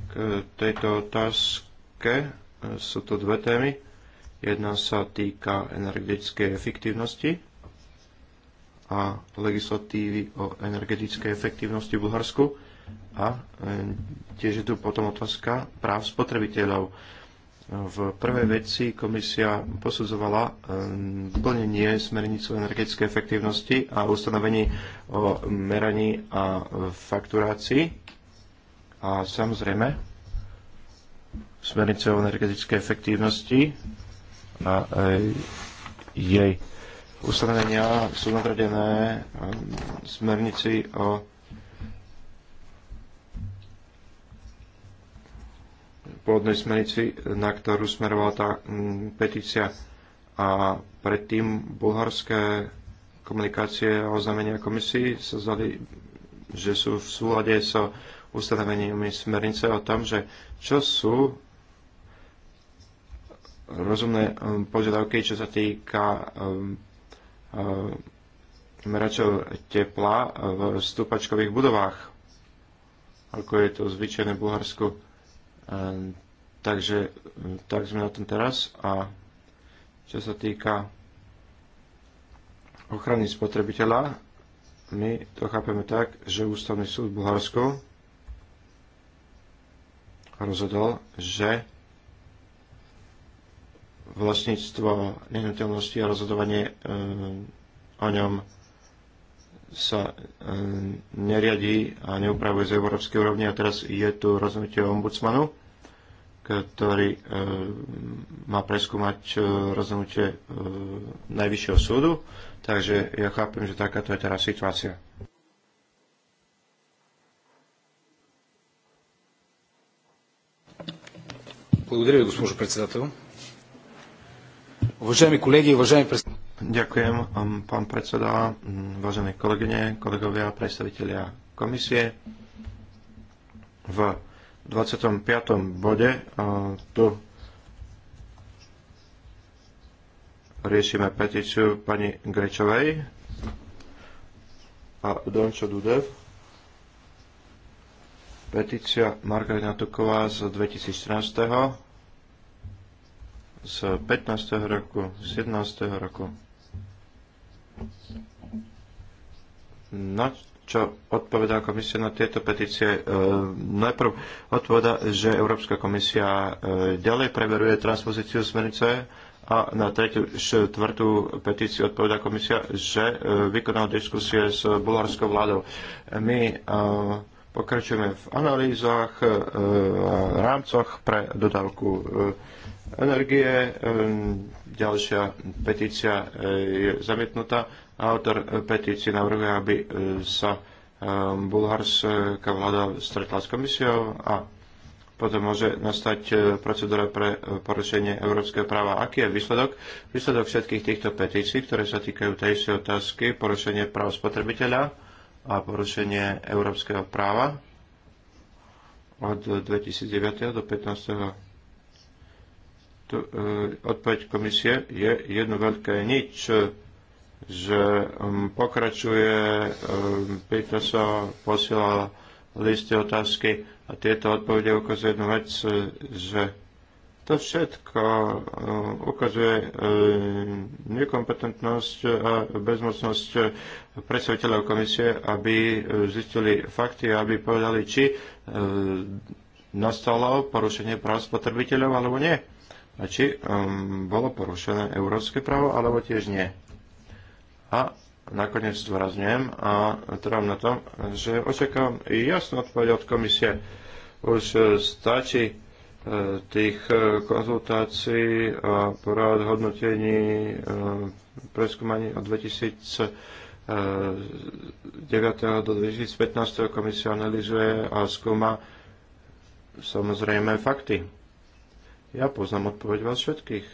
K tejto otázke e, sú tu dve témy. Jedna sa týka energetickej efektívnosti a legislatívy o energetickej efektívnosti v Bulharsku. A e, tiež je tu potom otázka práv spotrebiteľov v prvej veci komisia posudzovala e, plnenie smernicu energetickej efektívnosti a ustanovení o meraní a fakturácii. A samozrejme, smernice o energetickej efektívnosti a e, jej ustanovenia sú nadradené e, smernici o pôvodnej smernici, na ktorú smerovala tá mm, petícia. A predtým bulharské komunikácie a oznámenia komisii sa zdali, že sú v súlade so ustanoveniami smernice o tom, že čo sú rozumné um, požiadavky, čo sa týka um, uh, meračov tepla v stúpačkových budovách, ako je to zvyčajné v Bulharsku takže tak sme na tom teraz a čo sa týka ochrany spotrebiteľa, my to chápeme tak, že Ústavný súd v Bulharsku rozhodol, že vlastníctvo nehnuteľnosti a rozhodovanie e, o ňom sa e, neriadí a neupravuje z európskej úrovne a teraz je tu rozhodnutie ombudsmanu, ktorý e, má preskúmať e, rozhodnutie Najvyššieho súdu. Takže ja chápem, že takáto je teraz situácia. Благодаря ви, госпожо председател. Уважаеми колеги, уважаеми представители. Ďakujem, um, pán predseda, um, vážené kolegyne, kolegovia, predstavitelia komisie. V 25. bode tu riešime petíciu pani Grečovej a Dončo Dudev. Petícia Margarina Tuková z 2014 z 15. roku, z 17. roku. Na čo odpovedá komisia na tieto petície? E, najprv odpovedá, že Európska komisia e, ďalej preveruje transpozíciu smernice a na tretiu, štvrtú petíciu odpovedá komisia, že e, vykonal diskusie s bulharskou vládou. My e, Pokračujeme v analýzach e, a rámcoch pre dodávku e, energie. E, ďalšia petícia je zamietnutá. Autor petície navrhuje, aby sa bulharská vláda stretla s komisiou a potom môže nastať procedúra pre porušenie európskeho práva. Aký je výsledok? Výsledok všetkých týchto petícií, ktoré sa týkajú tejšej otázky, porušenie práv spotrebiteľa, a porušenie európskeho práva od 2009. do 15. Tu, e, odpoveď komisie je jedno veľké nič, že um, pokračuje, um, pýta sa, posiela listy otázky a tieto odpovede ukazujú jednu vec, že to všetko eh, ukazuje eh, nekompetentnosť a bezmocnosť predstaviteľov komisie, aby eh, zistili fakty a aby povedali, či nastalo porušenie práv spotrebiteľov alebo nie. A či bolo porušené európske právo alebo tiež nie. A nakoniec zdôrazňujem a trvám na tom, že očakávam jasnú odpoveď od komisie. Už stačí tých e, konzultácií a porád hodnotení e, preskúmaní od 2009 do 2015 komisia analizuje a skúma samozrejme fakty. Ja poznám odpoveď vás všetkých.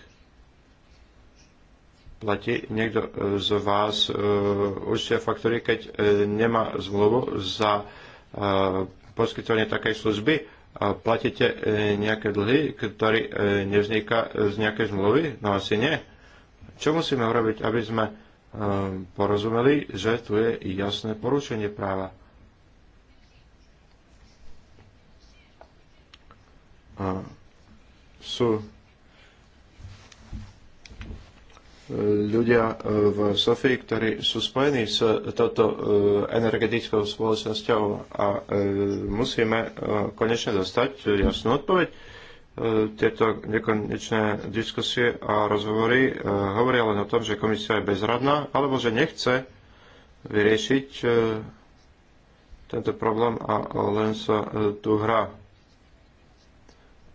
Platí niekto z vás e, určite faktory, keď e, nemá zmluvu za poskytovanie takej služby platíte e, nejaké dlhy, ktorý e, nevzniká z nejakej zmluvy? No asi nie. Čo musíme urobiť, aby sme e, porozumeli, že tu je jasné porušenie práva? Sú ľudia e, v Sofii, ktorí sú spojení s touto e, energetickou spoločnosťou a e, musíme konečne dostať jasnú odpoveď. Tieto nekonečné diskusie a rozhovory hovoria len o tom, že komisia je bezradná alebo že nechce vyriešiť tento problém a len sa tu hrá.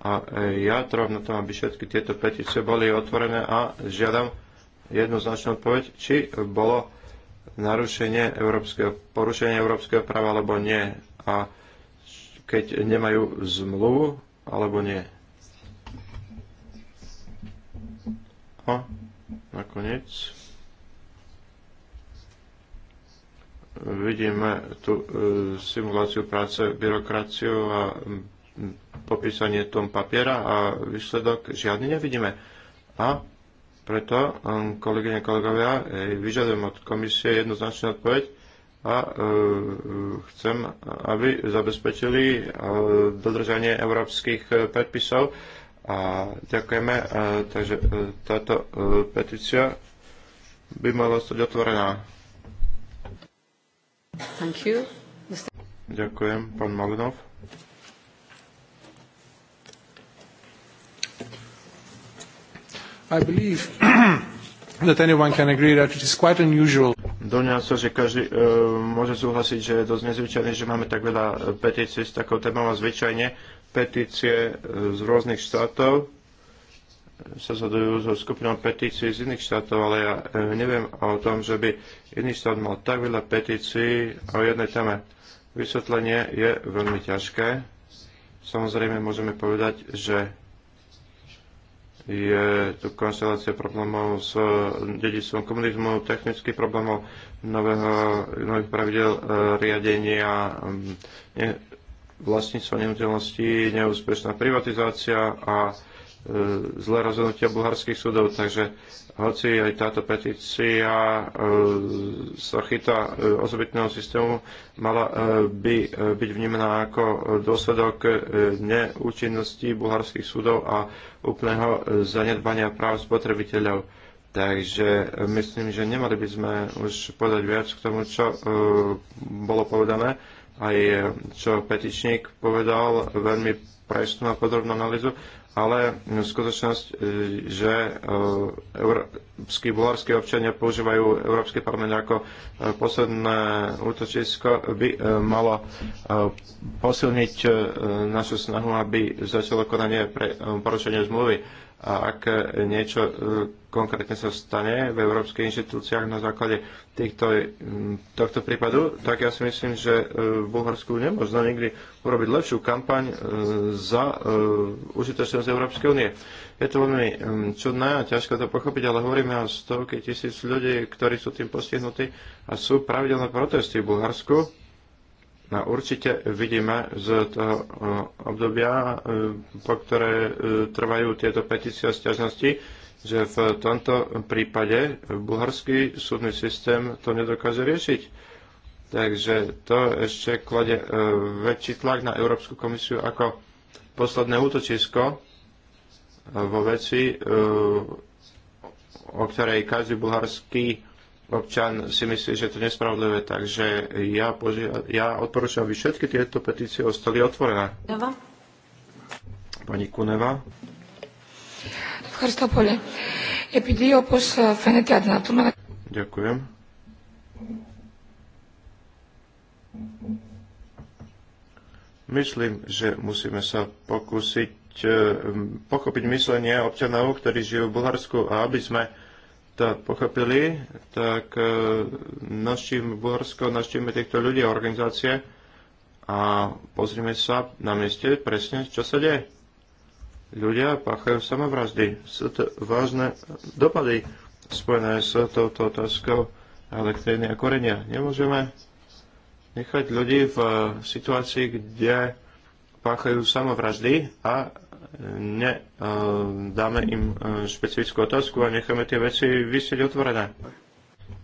A ja trvám na tom, aby všetky tieto petície boli otvorené a žiadam, jednoznačnú odpoveď, či bolo narušenie európskeho, porušenie európskeho práva alebo nie. A keď nemajú zmluvu alebo nie. A nakoniec vidíme tu e, simuláciu práce, byrokraciu a popísanie tom papiera a výsledok žiadny nevidíme. A preto, um, kolegyne, kolegovia, eh, vyžadujem od komisie jednoznačnú odpoveď a eh, chcem, aby zabezpečili eh, dodržanie európskych predpisov. A ďakujeme. Takže táto petícia by mala stať otvorená. Thank you. Ďakujem, pán Malinov. I believe that anyone can agree that it is quite unusual. Domňa sa, že každý e, môže súhlasiť, že je dosť nezvyčajné, že máme tak veľa e, petície s takou témou a zvyčajne petície e, z rôznych štátov sa zhodujú so skupinou petícií z iných štátov, ale ja e, neviem o tom, že by iný štát mal tak veľa petícií o jednej téme. Vysvetlenie je veľmi ťažké. Samozrejme môžeme povedať, že je tu konstelácia problémov s e, dedičstvom komunizmu, technických problémov, nového, nových pravidel e, riadenia, e, vlastníctva nehnuteľností, neúspešná privatizácia a E, zlé rozhodnutia bulharských súdov. Takže hoci aj táto petícia e, sa chyta e, osobitného systému, mala by byť vnímaná ako dôsledok neúčinnosti bulharských súdov a úplného zanedbania práv spotrebiteľov. Takže myslím, že nemali by sme už povedať viac k tomu, čo bolo povedané. Aj čo petičník povedal, veľmi presnú a podrobnú analýzu ale skutočnosť, e, že e, európsky bulharskí občania používajú Európsky parlament ako e, posledné útočisko, by malo posilniť našu snahu, aby začalo konanie pre porušenie zmluvy a ak niečo e, konkrétne sa stane v európskych inštitúciách na základe týchto, e, tohto prípadu, tak ja si myslím, že e, v Bulharsku nemôžno nikdy urobiť lepšiu kampaň za užitočnosť Európskej únie. Je to veľmi čudné a ťažko to pochopiť, ale hovoríme o stovky tisíc ľudí, ktorí sú tým postihnutí a sú pravidelné protesty v Bulharsku No určite vidíme z toho e, obdobia, e, po ktoré e, trvajú tieto petície a stiažnosti, že v tomto prípade bulharský súdny systém to nedokáže riešiť. Takže to ešte klade väčší tlak na Európsku komisiu ako posledné útočisko vo veci, o ktorej každý bulharský občan si myslí, že to je nespravodlivé. Takže ja, požia- ja odporúčam, aby všetky tieto petície ostali otvorené. Neva? Pani Kuneva. Ďakujem. Myslím, že musíme sa pokúsiť e, pochopiť myslenie občanov, ktorí žijú v Bulharsku a aby sme to pochopili, tak e, našim v Bulharsku týchto ľudí a organizácie a pozrime sa na mieste presne, čo sa deje. Ľudia páchajú samovraždy. Sú to vážne dopady spojené s touto otázkou elektriny a korenia. Nemôžeme nechať ľudí v e, situácii, kde páchajú samovraždy a Ne, dáme im e, špecifickú otázku a necháme tie veci vysieť otvorené.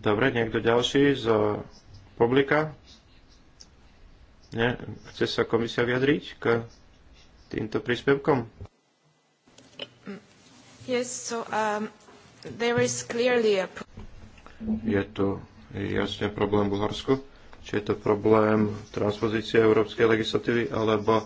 Dobre, niekto ďalší z publika? Ne? Chce sa komisia vyjadriť k týmto príspevkom? Yes, so, um, there is clearly a... Je to jasne problém v Bulharsku? Či je to problém transpozície európskej legislatívy alebo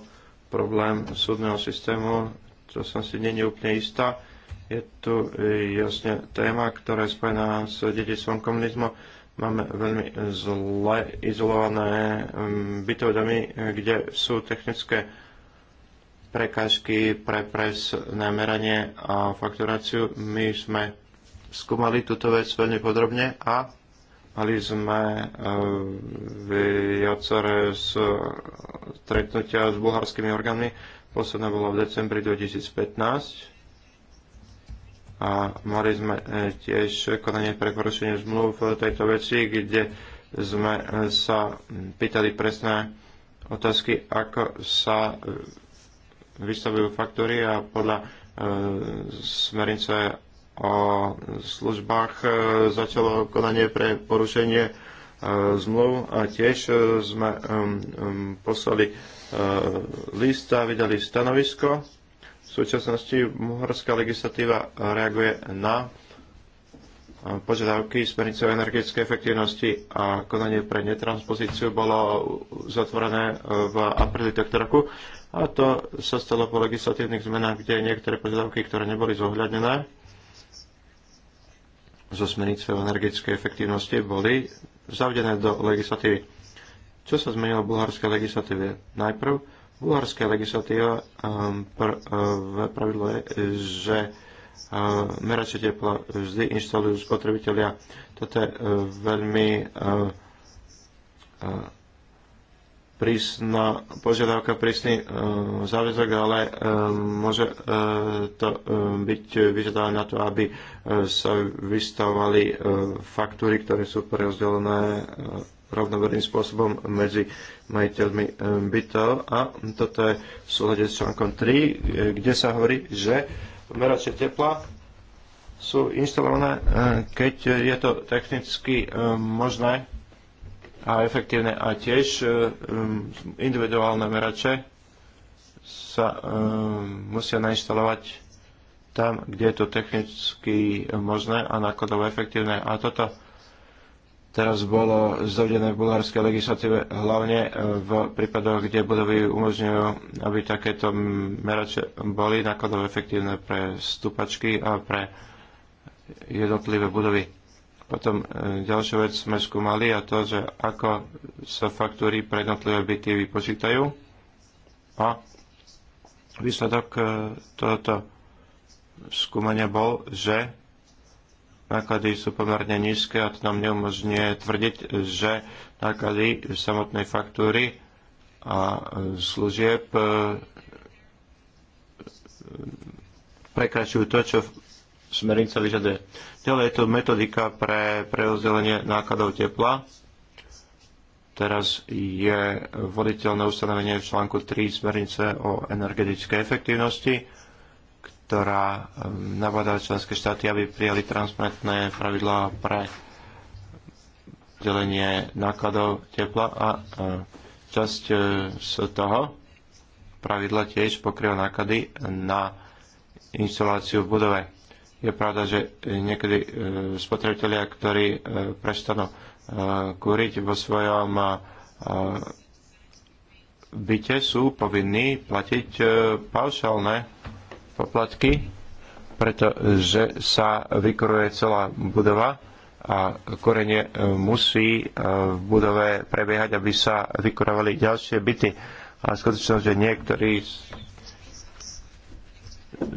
problém súdneho systému, čo som si není úplne istá. Je tu e, jasne téma, ktorá je spojená s dedičstvom komunizmu. Máme veľmi zle izolované bytové domy, kde sú technické prekážky pre pres meranie a fakturáciu. My sme skúmali túto vec veľmi podrobne a Mali sme eh, viaceré stretnutia s bulharskými orgánmi. Posledná bola v decembri 2015. A mali sme eh, tiež konanie pre porušenie zmluv v tejto veci, kde sme eh, sa pýtali presné otázky, ako sa vystavujú faktory a podľa smernice o službách e, začalo konanie pre porušenie e, zmluv a tiež e, sme poslali list a vydali stanovisko. V súčasnosti mohorská legislatíva reaguje na požiadavky smernice o energetickej efektivnosti a konanie pre netranspozíciu bolo zatvorené v apríli tohto roku. A to sa stalo po legislatívnych zmenách, kde niektoré požiadavky, ktoré neboli zohľadnené, zo smernice o energetickej efektivnosti boli zavedené do legislatívy. Čo sa zmenilo v bulharskej legislatíve? Najprv bulharská legislatíva um, pr, uh, e, pravidlo je, že uh, merače tepla vždy inštalujú spotrebitelia. Toto je uh, veľmi uh, uh, prísna požiadavka, prísny e, záväzok, ale e, môže e, to e, byť vyžadované na to, aby e, sa vystavovali e, faktúry, ktoré sú prerozdelené e, rovnoverným spôsobom medzi majiteľmi e, bytov. A toto je v súhľade s článkom 3, e, kde sa hovorí, že merače tepla sú inštalované, e, keď je to technicky možné a efektívne. A tiež e, individuálne merače sa e, musia nainštalovať tam, kde je to technicky možné a nákladovo efektívne. A toto teraz bolo zdodené v bulharskej legislatíve, hlavne e, v prípadoch, kde budovy umožňujú, aby takéto merače boli nákladovo efektívne pre stupačky a pre jednotlivé budovy. Potom e, ďalšia vec sme skúmali a to, že ako sa faktúry pre jednotlivé byty vypočítajú a výsledok e, tohoto skúmania bol, že náklady sú pomerne nízke a to nám neumožňuje tvrdiť, že náklady samotnej faktúry a e, služieb prekračujú to, čo smernica vyžaduje. Ďalej je tu metodika pre preozdelenie nákladov tepla. Teraz je voditeľné ustanovenie v článku 3 smernice o energetickej efektívnosti, ktorá um, nabadá členské štáty, aby prijali transparentné pravidlá pre delenie nákladov tepla a časť e, z toho pravidla tiež pokrýva náklady na inštaláciu v budove. Je pravda, že niekedy e, spotrebitelia, ktorí e, prestanú e, kúriť vo svojom byte, sú povinní platiť paušálne poplatky, pretože sa vykuruje celá budova a korenie musí v budove prebiehať, aby sa vykurovali ďalšie byty. A skutočnosť, že niektorí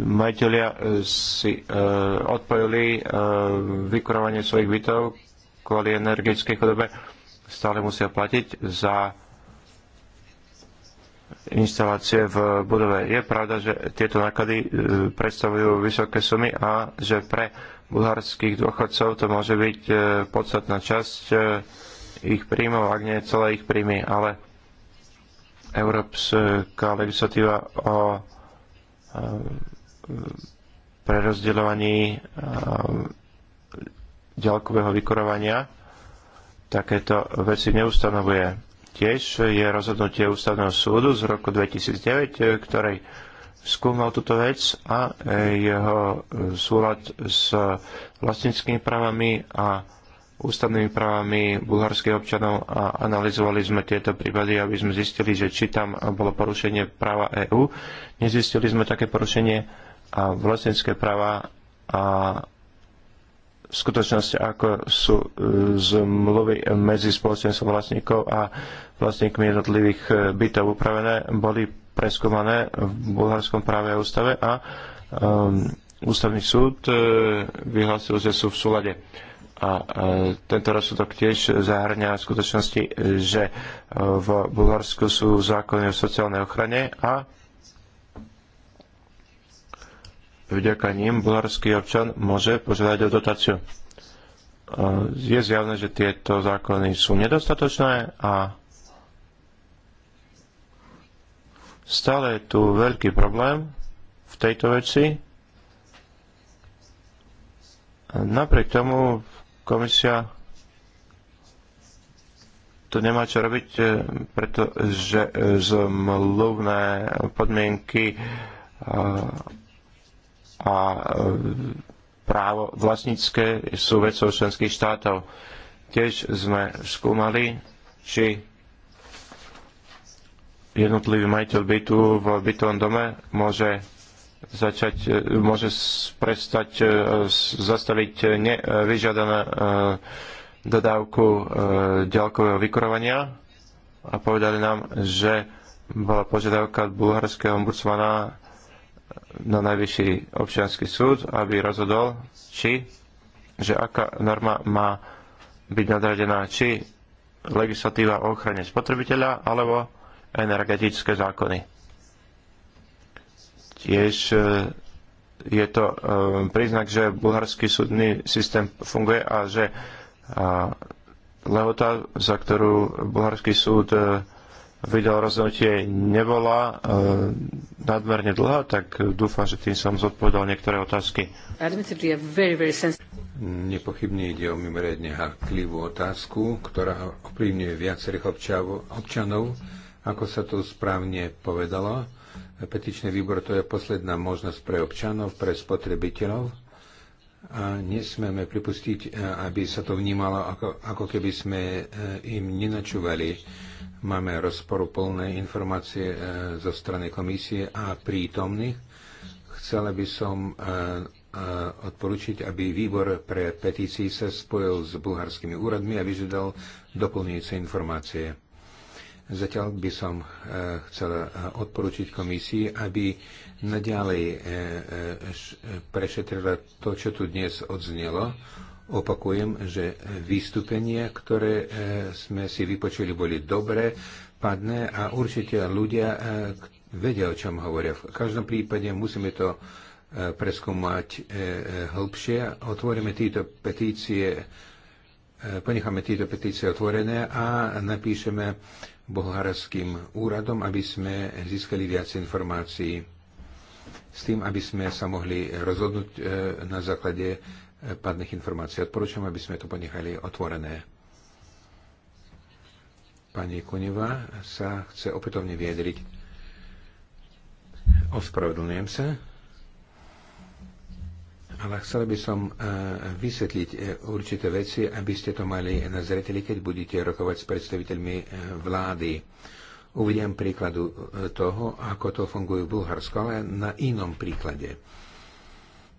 majiteľia eh, si eh, odpojili eh, vykurovanie svojich bytov kvôli energetickej chudobe, stále musia platiť za inštalácie v budove. Je pravda, že tieto náklady predstavujú vysoké sumy a že pre bulharských dôchodcov to môže byť podstatná časť ich príjmov, ak nie celé ich príjmy, ale európska legislatíva o Eh, prerozdeľovaní eh, ďalkového vykurovania takéto veci neustanovuje. Tiež je rozhodnutie ústavného súdu z roku 2009, eh, ktorej skúmal túto vec a jeho súlad s vlastníckými právami a ústavnými právami bulharských občanov a analyzovali sme tieto prípady, aby sme zistili, že či tam bolo porušenie práva EÚ. Nezistili sme také porušenie a vlastnícke práva a v skutočnosti ako sú e, zmluvy medzi spoločenstvom vlastníkov a vlastníkmi jednotlivých e, bytov upravené, boli preskúmané v bulharskom práve a ústave a um, ústavný súd vyhlásil, že sú v súlade. A e, tento rozsudok tiež zahrňa v skutočnosti, že e, v Bulharsku sú zákony o sociálnej ochrane a vďaka ním bulharský občan môže požiadať o dotáciu. E, je zjavné, že tieto zákony sú nedostatočné a stále je tu veľký problém v tejto veci. Napriek tomu Komisia tu nemá čo robiť, e, pretože e, zmluvné podmienky e, a právo vlastnícke sú vecou členských štátov. Tiež sme skúmali, či jednotlivý majiteľ bytu v bytovom dome môže začať, e, môže prestať e, zastaviť nevyžiadané e, dodávku ďalkového vykurovania a povedali nám, že bola požiadavka bulharského ombudsmana na najvyšší občianský súd, aby rozhodol, či, že aká norma má byť nadradená, či legislatíva o ochrane spotrebiteľa alebo energetické zákony Tiež e, je to e, príznak, že bulharský súdny systém funguje a že e, lehota, za ktorú bulharský súd vydal rozhodnutie, nebola nadmerne dlhá, tak dúfam, že tým som zodpovedal niektoré otázky. Nepochybne ide o mimoriadne háklivú otázku, ktorá ovplyvňuje viacerých občanov, ako sa tu správne povedalo Petičný výbor to je posledná možnosť pre občanov, pre spotrebiteľov a nesmeme pripustiť, e, aby sa to vnímalo, ako, ako keby sme e, im nenačúvali. Máme rozporuplné informácie e, zo strany komisie a prítomných. Chcela by som odporučiť, aby výbor pre petícii sa spojil s bulharskými úradmi a vyžiadal doplňujúce informácie. Zatiaľ by som e, chcel e, odporučiť komisii, aby naďalej e, prešetrila to, čo tu dnes odznelo. Opakujem, že vystúpenia, ktoré sme si vypočuli, boli dobré, padné a určite ľudia vedia, o čom hovoria. V každom prípade musíme to preskúmať hĺbšie. Otvoríme tieto petície, ponecháme tieto petície otvorené a napíšeme bulharským úradom, aby sme získali viac informácií s tým, aby sme sa mohli rozhodnúť e, na základe e, padných informácií. Odporúčam, aby sme to ponechali otvorené. Pani Kuneva sa chce opätovne viedriť. Ospravedlňujem sa. Ale chcel by som e, vysvetliť e, určité veci, aby ste to mali na zreteli, keď budete rokovať s predstaviteľmi e, vlády. Uvidím príkladu toho, ako to funguje v Bulharsku, ale na inom príklade.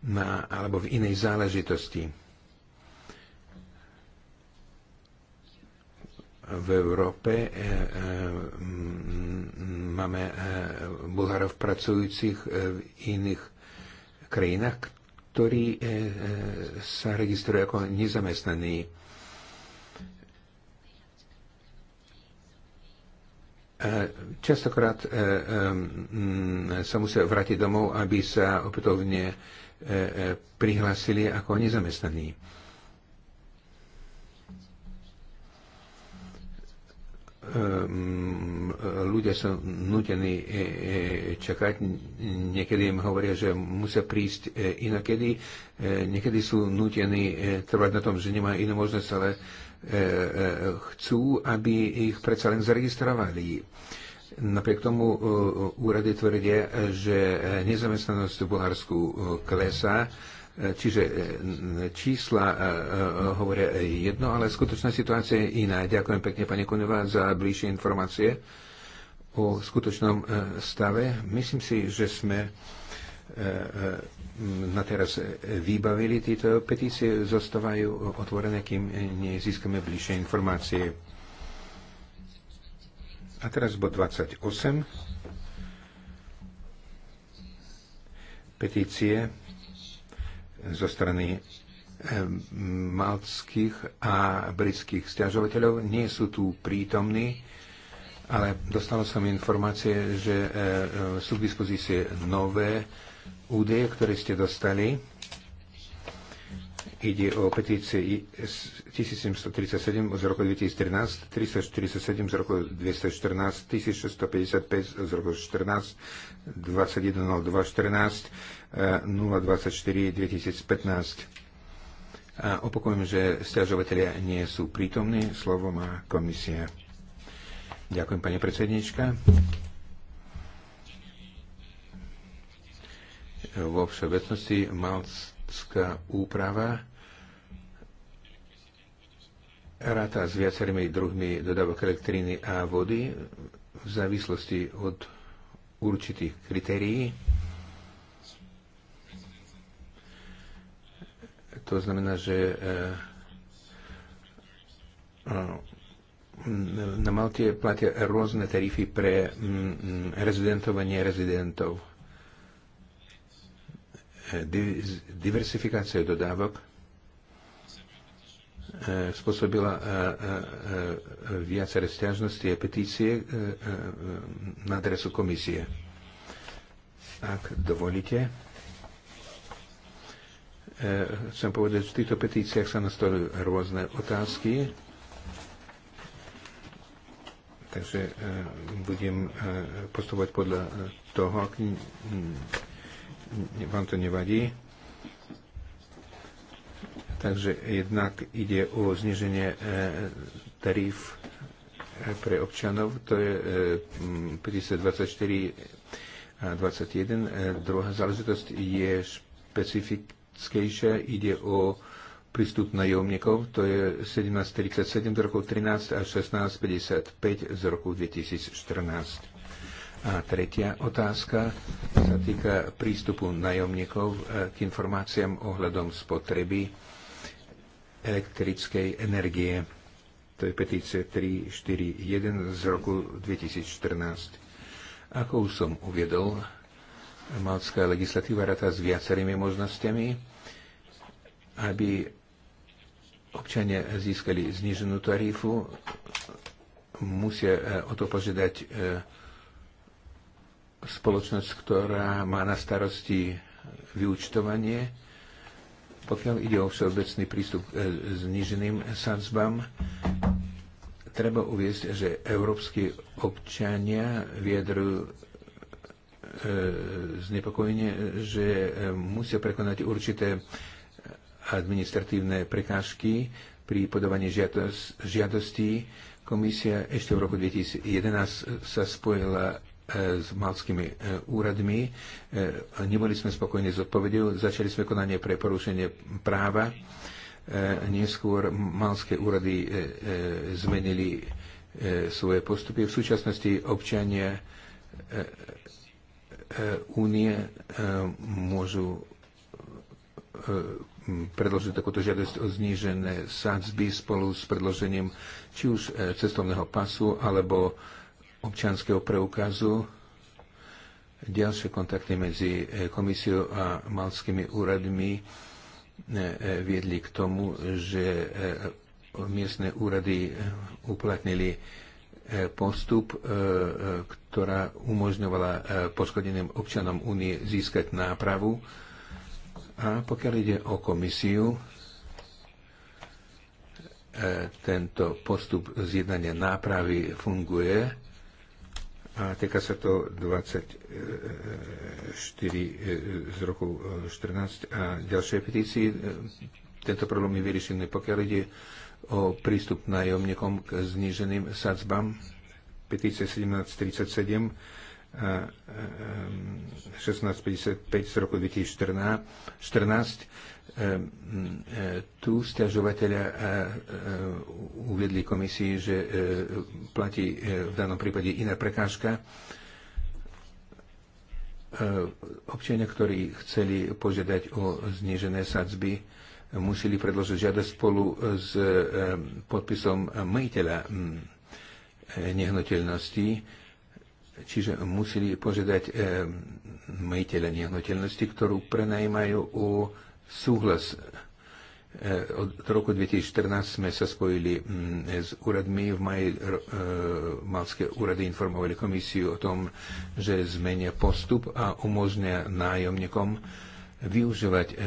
Na, alebo v inej záležitosti. V Európe e, e, máme e, Bulharov pracujúcich v iných krajinách, ktorý e, e, sa registruje ako nezamestnaní. E, častokrát sa musia vrátiť domov, aby sa opätovne prihlásili ako nezamestnaní. Ehm, ľudia sú nutení e, e, čakať, niekedy im hovoria, že musia prísť e, inakedy, niekedy sú nutení trvať na tom, že nemajú inú možnosť, ale chcú, aby ich predsa len zaregistrovali. Napriek tomu úrady tvrdia, že nezamestnanosť v Bulharsku klesá, E, čiže e, čísla e, hovoria jedno, ale skutočná situácia je iná. Ďakujem pekne, pani Konová, za bližšie informácie o skutočnom stave. Myslím si, že sme na teraz vybavili tieto petície, zostávajú otvorené, kým nezískame bližšie informácie. A teraz bod 28. Petície zo strany maltských a britských stiažovateľov. Nie sú tu prítomní, ale dostalo som informácie, že e, e, sú k dispozícii nové údaje, ktoré ste dostali. Ide o petície 1737 z roku 2013, 347 z roku 214, 1655 z roku 14, 2102 14, 024-2015. A opakujem, že stiažovateľia nie sú prítomní. Slovo má komisia. Ďakujem, pani predsednička. Vo všeobecnosti malská úprava ráta s viacerými druhmi dodávok elektriny a vody v závislosti od určitých kritérií. To znamená, že eh, na Malte platia rôzne tarify pre mm, rezidentov a nerezidentov. Eh, diversifikácia dodávok eh, spôsobila viaceré stiažnosti a petície na adresu komisie. Ak dovolíte. Eh, chcem povedať, že v týchto petíciách sa nastali rôzne otázky. Takže eh, budem eh, postupovať podľa toho, ak vám to nevadí. Takže jednak ide o zniženie tarif pre občanov, to je 524 a 21. Druhá záležitosť je špecifika špecifickejšia. Ide o prístup najomníkov, to je 1737 z roku 13 a 1655 z roku 2014. A tretia otázka sa týka prístupu najomníkov e, k informáciám ohľadom spotreby elektrickej energie. To je petícia 341 z roku 2014. Ako už som uviedol, malská legislatíva rata s viacerými možnosťami aby občania získali zniženú tarifu, musia eh, o to požiadať eh, spoločnosť, ktorá má na starosti vyučtovanie. Pokiaľ ide o všeobecný prístup k eh, zniženým sadzbám, treba uviezť, že európsky občania viedru znepokojenie, že musia prekonať určité administratívne prekážky pri podávaní žiadostí. Komisia ešte v roku 2011 sa spojila e, s malskými e, úradmi. E, neboli sme spokojní s odpovedou, začali sme konanie pre porušenie práva. Neskôr malské úrady zmenili svoje postupy. V súčasnosti občania únie môžu predložili takúto žiadosť o znížené sadzby spolu s predložením či už e, cestovného pasu alebo občianského preukazu. Ďalšie kontakty medzi e, komisiou a malskými úradmi e, viedli k tomu, že miestne úrady uplatnili postup, ktorá umožňovala poškodeným občanom únie získať nápravu a pokiaľ ide o komisiu, e, tento postup zjednania nápravy funguje a týka sa to 24 e, z roku 14 e, a ďalšie petícii. Tento problém je vyriešený, pokiaľ ide o prístup nájomníkom k zníženým sadzbám. Petícia 1737 1655 e, e, z roku 2014. 14, e, tu stiažovateľa uviedli komisii, že platí v danom prípade iná prekážka. Občania, ktorí chceli požiadať o znížené sadzby, museli predložiť žiadosť spolu s podpisom majiteľa nehnuteľnosti čiže museli požiadať eh, majiteľa nehnuteľnosti, ktorú prenajímajú o súhlas. Eh, od roku 2014 sme sa spojili mm, s úradmi. V maji eh, malské úrady informovali komisiu o tom, že zmenia postup a umožnia nájomníkom využívať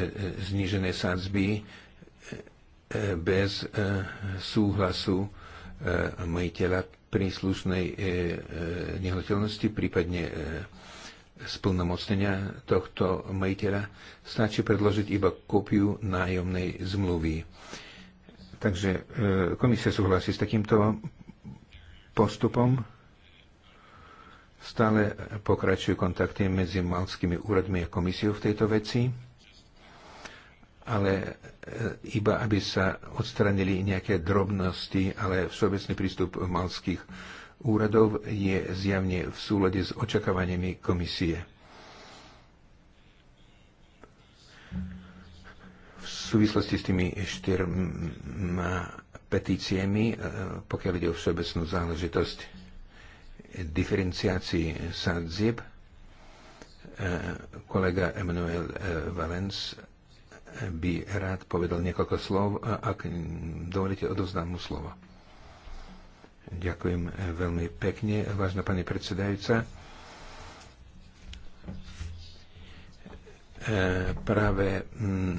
znížené sadzby bez súhlasu majiteľa príslušnej e, e, nehnuteľnosti, prípadne e, splnomocnenia tohto majiteľa, stačí predložiť iba kópiu nájomnej zmluvy. Takže komisia súhlasí s takýmto postupom. Stále pokračujú kontakty medzi malskými úradmi a komisiou v tejto veci, ale iba aby sa odstranili nejaké drobnosti, ale všeobecný prístup malských úradov je zjavne v súlade s očakávaniami komisie. V súvislosti s tými štyrma petíciami, e, pokiaľ ide o všeobecnú záležitosť diferenciácii sadzieb, e, kolega Emanuel e, Valens by rád povedal niekoľko slov a ak dovolíte, odovzdám mu slovo. Ďakujem veľmi pekne, vážna pani predsedajúca. E, práve mm,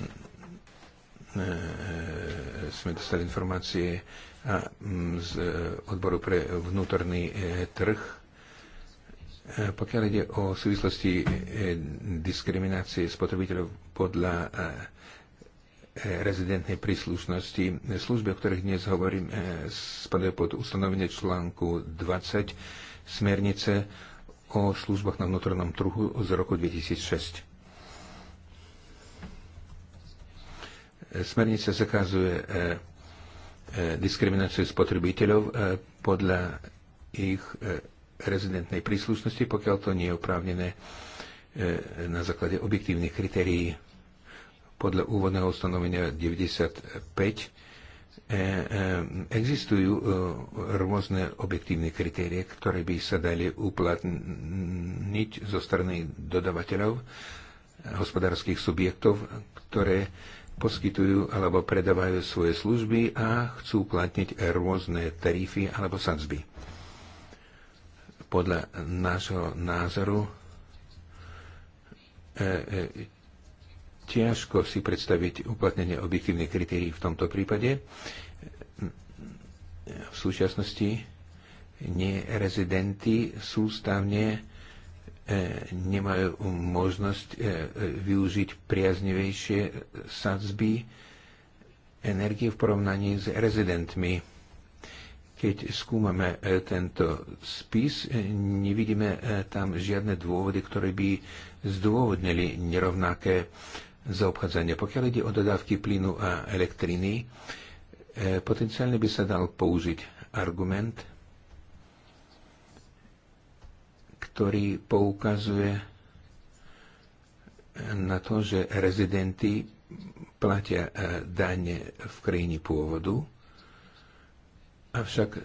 e, sme dostali informácie mm, z odboru pre vnútorný e, trh pokiaľ ide o súvislosti diskriminácie spotrebiteľov podľa rezidentnej príslušnosti. Služby, o ktorých dnes hovorím, e, spadajú pod ustanovenie článku 20 smernice o službách na vnútornom trhu z roku 2006. Smernica zakazuje e, e, diskrimináciu spotrebiteľov podľa ich rezidentnej príslušnosti, pokiaľ to nie je oprávnené na základe objektívnych kritérií podľa úvodného ustanovenia 95 e, e, existujú e, rôzne objektívne kritérie, ktoré by sa dali uplatniť zo strany dodavateľov hospodárskych subjektov, ktoré poskytujú alebo predávajú svoje služby a chcú platniť rôzne tarify alebo sadzby. Podľa nášho názoru ťažko si predstaviť uplatnenie objektívnych kritérií v tomto prípade. V súčasnosti nerezidenti sústavne e, nemajú možnosť e, využiť priaznivejšie sadzby energie v porovnaní s rezidentmi. Keď skúmame e, tento spis, nevidíme tam žiadne dôvody, ktoré by zdôvodnili nerovnaké zaobchádzania. Pokiaľ ide o dodávky plynu a elektriny, e, potenciálne by sa dal použiť argument, ktorý poukazuje na to, že rezidenti platia e, dane v krajine pôvodu, avšak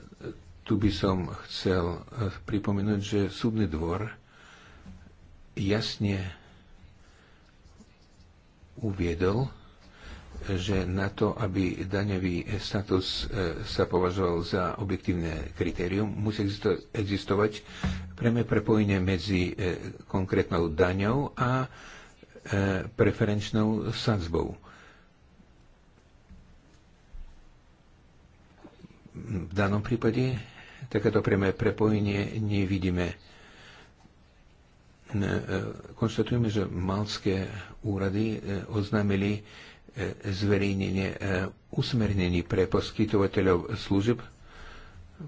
tu by som chcel e, pripomenúť, že súdny dvor jasne uviedol, že na to, aby daňový status e, sa považoval za objektívne kritérium, musí existovať priame prepojenie medzi e, konkrétnou daňou a e, preferenčnou sadzbou. V danom prípade takéto priame prepojenie nevidíme E, konštatujeme, že malské úrady e, oznámili e, zverejnenie usmernení pre poskytovateľov služeb,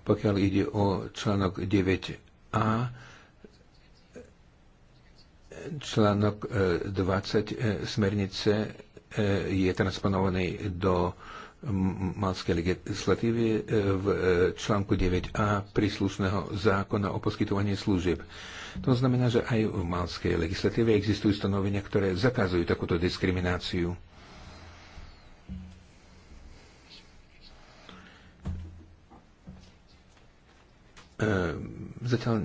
pokiaľ ide o článok 9a, článok 20 smernice je transponovaný do malskej legislatívy v článku 9a príslušného zákona o poskytovaní služieb. To znamená, že aj v malskej legislatíve existujú stanovenia, ktoré zakazujú takúto diskrimináciu. E, zatiaľ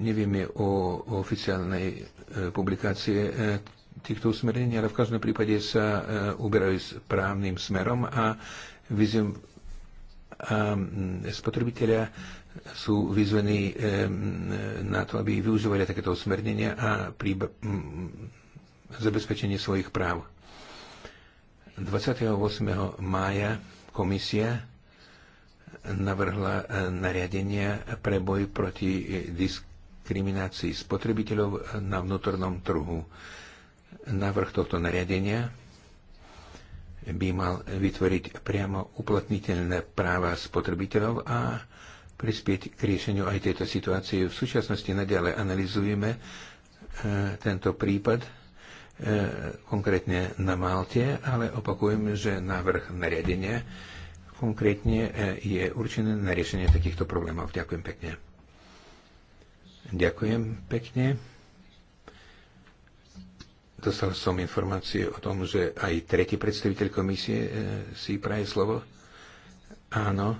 nevieme o oficiálnej e, publikácie e, týchto usmerení, ale v každom prípade sa uberajú správnym smerom a vizium spotrebiteľa sú vyzvení na to, aby využívali takéto usmernenia a pri zabezpečení svojich práv. 28. mája komisia navrhla eh, nariadenia pre boj proti eh, diskriminácii spotrebiteľov eh, na vnútornom trhu. Návrh tohto nariadenia by mal vytvoriť priamo uplatniteľné práva spotrebiteľov a prispieť k riešeniu aj tejto situácie. V súčasnosti nadalej analizujeme e, tento prípad e, konkrétne na Malte, ale opakujem, že návrh nariadenia konkrétne e, je určené na riešenie takýchto problémov. Ďakujem pekne. Ďakujem pekne. Dostal som informácie o tom, že aj tretí predstaviteľ komisie si praje slovo. Áno,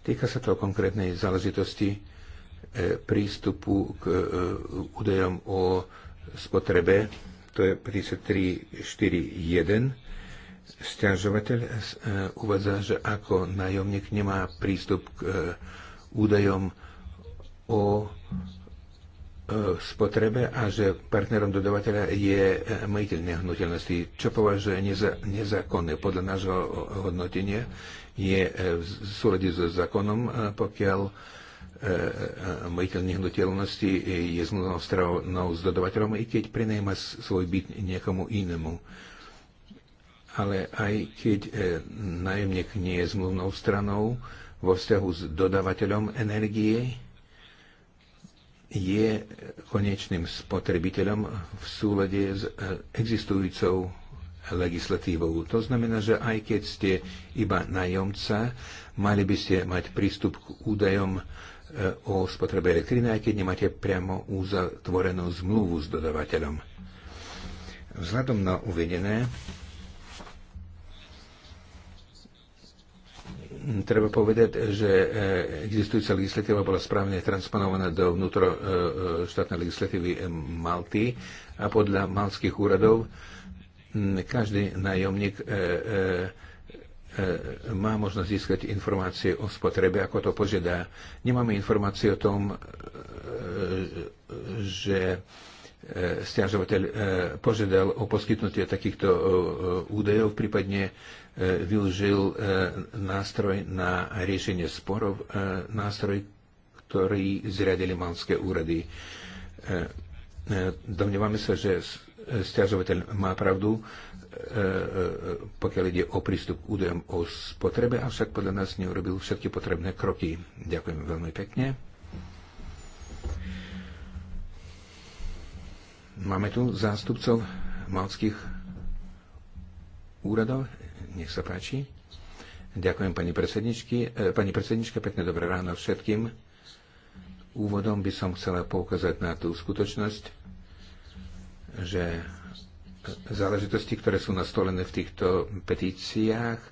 Týka sa to konkrétnej záležitosti e, prístupu k e, údajom o spotrebe, to je 53.4.1. Sťažovateľ e, uvádza, že ako nájomník nemá prístup k údajom o spotrebe a že partnerom dodavateľa je e, majiteľ nehnuteľnosti, čo považuje nezákonné. Podľa nášho hodnotenia je e, v súlade so zákonom, e, pokiaľ majiteľ nehnuteľnosti je zmluvnou stranou s dodavateľom, i keď prenajma svoj byt niekomu inému. Ale aj keď nájomník nie je zmluvnou stranou vo vzťahu s dodávateľom energie, je konečným spotrebiteľom v súlade s e, existujúcou legislatívou. To znamená, že aj keď ste iba najomca, mali by ste mať prístup k údajom e, o spotrebe elektriny, aj keď nemáte priamo uzatvorenú zmluvu s dodavateľom. Vzhľadom na uvedené, treba povedať, že e, existujúca legislatíva bola správne transponovaná do vnútro e, e, štátnej legislatívy Malty a podľa malských úradov každý nájomník má možnosť získať informácie o spotrebe, ako to požiada. Nemáme informácie o tom, že stiažovateľ požiadal o poskytnutie takýchto údajov, prípadne E, využil e, nástroj na riešenie sporov, e, nástroj, ktorý zriadili malské úrady. Domnievame sa, že stiažovateľ má pravdu, pokiaľ ide o prístup k údajom o spotrebe, avšak podľa nás neurobil všetky potrebné kroky. Ďakujem veľmi pekne. Máme tu zástupcov malských úradov. Nech sa páči. Ďakujem pani predsedničky. E, pani predsednička, pekne dobré ráno všetkým. Úvodom by som chcela poukázať na tú skutočnosť, že záležitosti, ktoré sú nastolené v týchto petíciách,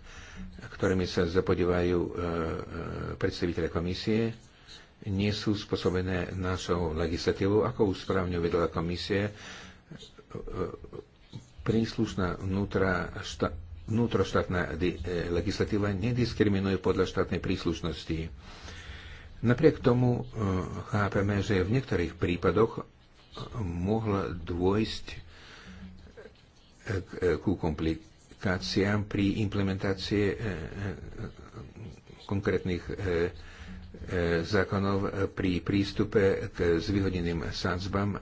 ktorými sa zapodívajú e, e, predstaviteľe komisie, nie sú spôsobené našou legislatívou, ako už správne uvedla komisie. Príslušná vnútra šta- vnútroštátna e, legislatíva nediskriminuje podľa štátnej príslušnosti. Napriek tomu e, chápeme, že v niektorých prípadoch e, mohla dôjsť ku komplikáciám pri implementácii konkrétnych zákonov pri prístupe k zvyhodeným sadzbám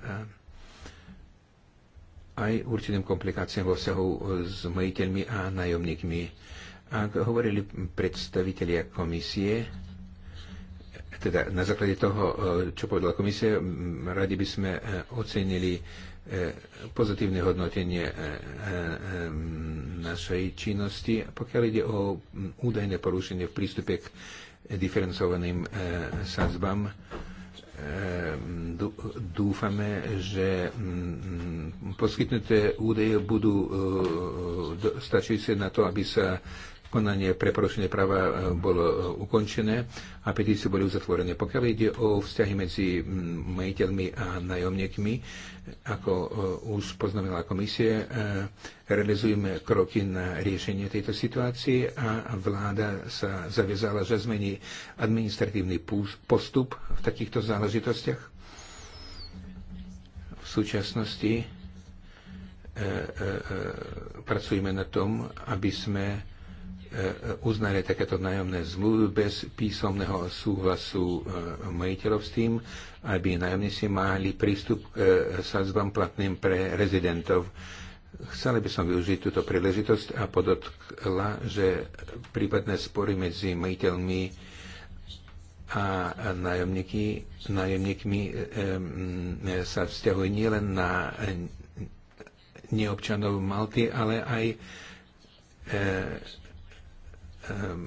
aj určitým komplikáciám vo vzťahu e, s majiteľmi a nájomníkmi. Ak hovorili predstavitelia komisie, teda na základe toho, e, čo povedala komisia, radi by sme e, ocenili pozitívne hodnotenie našej činnosti, pokiaľ ide o údajné porušenie v prístupe k diferencovaným sadzbám Ehm, dúfame, že mm, mm, poskytnuté údaje budú eh, eh, dostačujúce na to, aby sa konanie pre porušenie práva e, bolo e, ukončené a petície boli uzatvorené. Pokiaľ ide o vzťahy medzi mm, majiteľmi a najomníkmi, ako e, už poznamenala komisie, realizujeme kroky na riešenie tejto situácie a vláda sa zaviazala, že zmení administratívny postup v takýchto záležitostiach. V súčasnosti pracujeme na tom, aby sme uznali takéto nájomné zmluvy bez písomného súhlasu e, majiteľov s tým, aby nájomníci mali prístup k e, sadzbám platným pre rezidentov. Chcela by som využiť túto príležitosť a podotkla, že prípadné spory medzi majiteľmi a nájomníky, nájomníkmi e, e, sa vzťahujú nielen na neobčanov Malty, ale aj e, Ehm,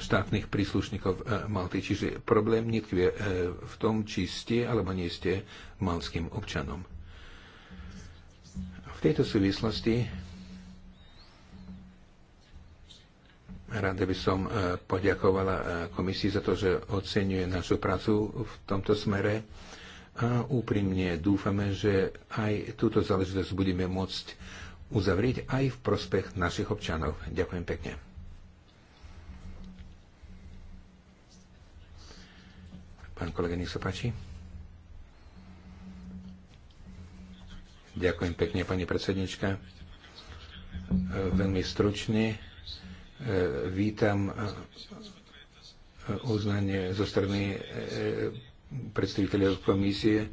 štátnych príslušníkov e, Malty. Čiže problém netkvie e, v tom, či ste alebo nie ste malským občanom. V tejto súvislosti rada by som e, poďakovala komisii za to, že oceňuje našu prácu v tomto smere a úprimne dúfame, že aj túto záležitosť budeme môcť uzavrieť aj v prospech našich občanov. Ďakujem pekne. Pán kolega, nech sa páči. Ďakujem pekne, pani predsednička. Veľmi stručne e, vítam e, uznanie zo strany e, predstaviteľov komisie,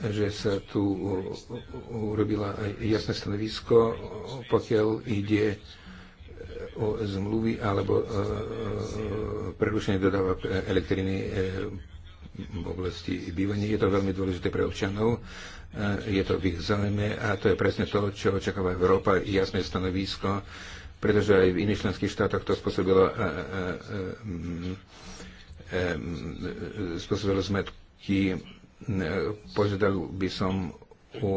že sa tu urobila jasné stanovisko, pokiaľ ide o zmluvy alebo e, e, prerušenie dodávok e, elektriny v oblasti bývania. Je to veľmi dôležité pre občanov, je to v ich záujme a to je presne to, čo očakáva Európa, jasné stanovisko, pretože aj v iných členských štátoch to spôsobilo, spôsobilo zmetky. Požiadal by som o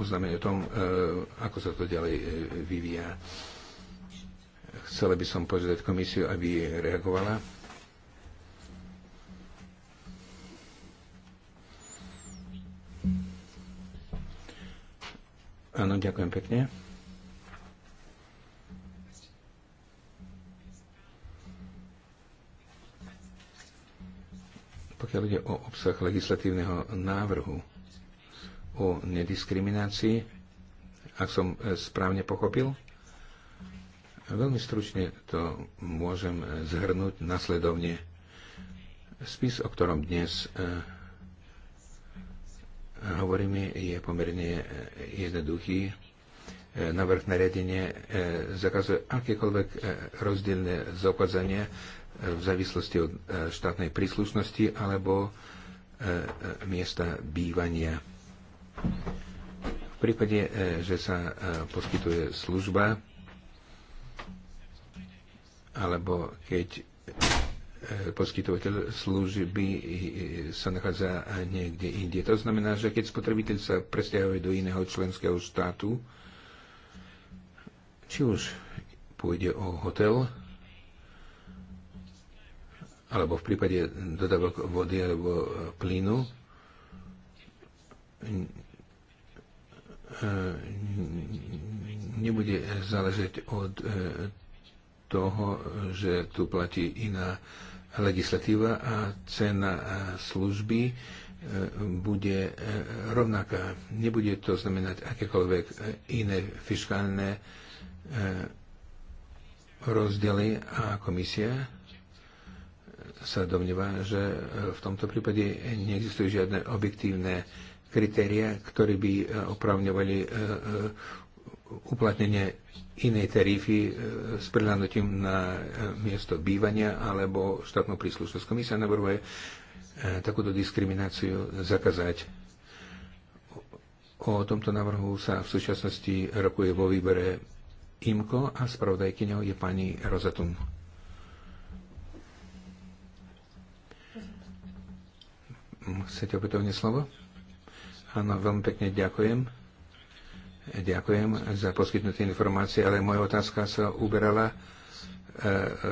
o, o tom, ako sa to ďalej vyvíja. Chcela by som požiadať komisiu, aby reagovala. Áno, ďakujem pekne. Pokiaľ ide o obsah legislatívneho návrhu o nediskriminácii, ak som správne pochopil, Veľmi stručne to môžem zhrnúť nasledovne. Spis, o ktorom dnes e, hovoríme, je pomerne e, jednoduchý. E, Navrh nariadenie zakazuje akékoľvek rozdielne zaobchádzanie v závislosti od štátnej príslušnosti alebo miesta bývania. V prípade, že sa poskytuje služba, alebo keď e, poskytovateľ služby sa nachádza niekde inde. To znamená, že keď spotrebiteľ sa presťahuje do iného členského štátu, či už pôjde o hotel, alebo v prípade dodávok vody alebo plynu, e, nebude záležať od e, toho, že tu platí iná legislatíva a cena e, služby e, bude e, rovnaká. Nebude to znamenať akékoľvek iné fiskálne rozdiely a komisia sa domnieva, že v tomto prípade neexistujú žiadne objektívne kritéria, ktoré by opravňovali uplatnenie inej tarify e, s prihľadnutím na e, miesto bývania alebo štátnu príslušnosť. Komisia navrhuje e, takúto diskrimináciu zakázať. O tomto návrhu sa v súčasnosti rokuje vo výbere IMKO a spravodajkyňou je pani Rozatum. Chcete opätovne slovo? Áno, veľmi pekne ďakujem Ďakujem za poskytnuté informácie, ale moja otázka sa uberala e,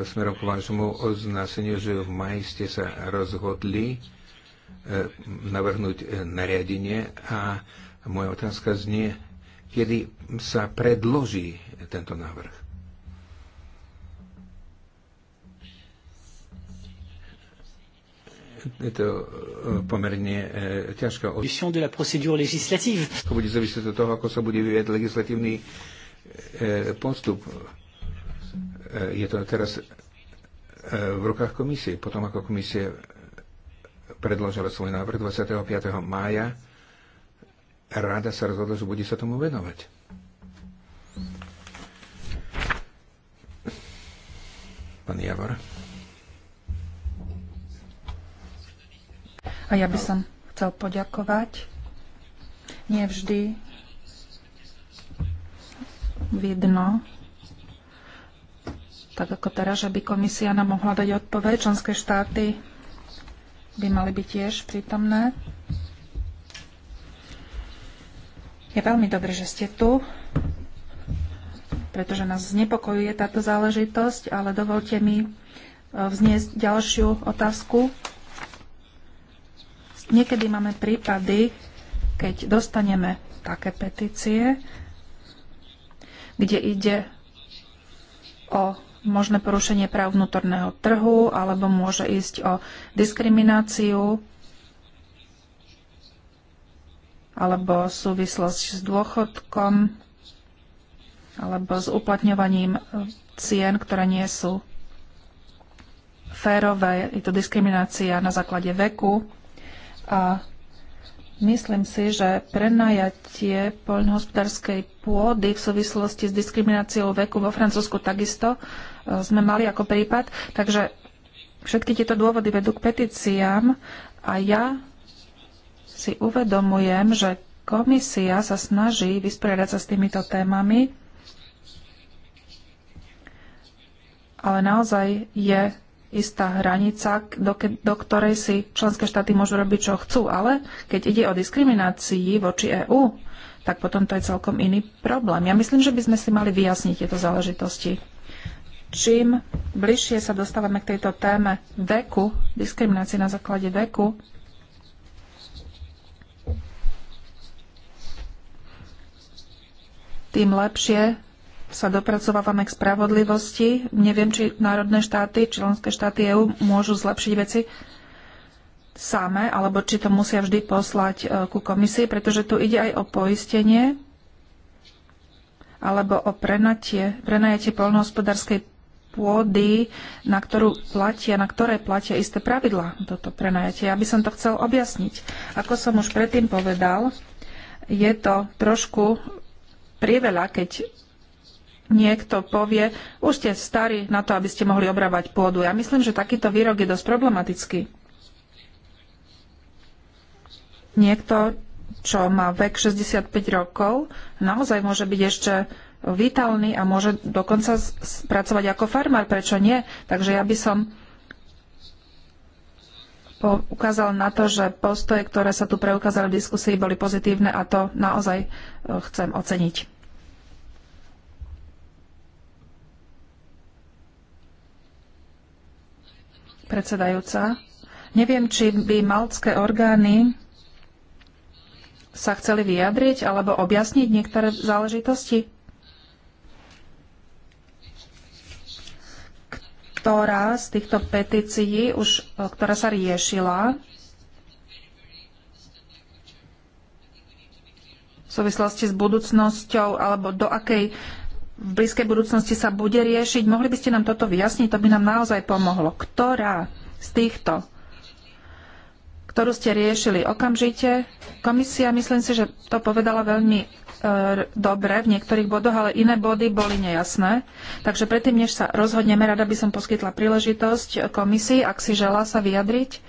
smerom k vášmu oznáseniu, že v maji ste sa rozhodli e, navrhnúť nariadenie a moja otázka znie, kedy sa predloží tento návrh. to e, pomerne e, ťažká od... To bude závisieť od toho, ako sa bude vyvíjať legislatívny e, postup. Je to teraz v rukách komisie. Potom, ako komisie predložila svoj návrh 25. mája, rada sa rozhodla, že bude sa tomu venovať. Pán Javor. A ja by som chcel poďakovať. Nie vždy vidno, tak ako teraz, že by komisia nám mohla dať odpoveď. Členské štáty by mali byť tiež prítomné. Je veľmi dobré, že ste tu, pretože nás znepokojuje táto záležitosť, ale dovolte mi eh, vzniesť ďalšiu otázku. Niekedy máme prípady, keď dostaneme také petície, kde ide o možné porušenie práv vnútorného trhu alebo môže ísť o diskrimináciu alebo súvislosť s dôchodkom alebo s uplatňovaním e, cien, ktoré nie sú férové. Je to diskriminácia na základe veku a myslím si, že prenajatie poľnohospodárskej pôdy v súvislosti s diskrimináciou veku vo Francúzsku takisto e, sme mali ako prípad. Takže všetky tieto dôvody vedú k petíciám a ja si uvedomujem, že komisia sa snaží vysporiadať sa s týmito témami, ale naozaj je istá hranica, do, ke, do ktorej si členské štáty môžu robiť, čo chcú. Ale keď ide o diskriminácii voči EÚ, tak potom to je celkom iný problém. Ja myslím, že by sme si mali vyjasniť tieto záležitosti. Čím bližšie sa dostávame k tejto téme veku, diskriminácie na základe veku, tým lepšie sa dopracovávame k spravodlivosti. Neviem, či národné štáty, členské štáty EÚ môžu zlepšiť veci samé, alebo či to musia vždy poslať e, ku komisii, pretože tu ide aj o poistenie alebo o prenatie, prenajatie poľnohospodárskej pôdy, na ktorú platia, na ktoré platia isté pravidlá toto prenajatie. Ja by som to chcel objasniť. Ako som už predtým povedal, je to trošku priveľa, keď niekto povie, už ste starí na to, aby ste mohli obrábať pôdu. Ja myslím, že takýto výrok je dosť problematický. Niekto, čo má vek 65 rokov, naozaj môže byť ešte vitálny a môže dokonca pracovať ako farmár. Prečo nie? Takže ja by som ukázal na to, že postoje, ktoré sa tu preukázali v diskusii, boli pozitívne a to naozaj eh, chcem oceniť. predsedajúca. Neviem, či by maltské orgány sa chceli vyjadriť alebo objasniť niektoré záležitosti, ktorá z týchto petícií, už, e, ktorá sa riešila v súvislosti s budúcnosťou alebo do akej v blízkej budúcnosti sa bude riešiť. Mohli by ste nám toto vyjasniť? To by nám naozaj pomohlo. Ktorá z týchto, ktorú ste riešili okamžite, komisia, myslím si, že to povedala veľmi e, dobre v niektorých bodoch, ale iné body boli nejasné. Takže predtým, než sa rozhodneme, rada by som poskytla príležitosť komisii, ak si želá sa vyjadriť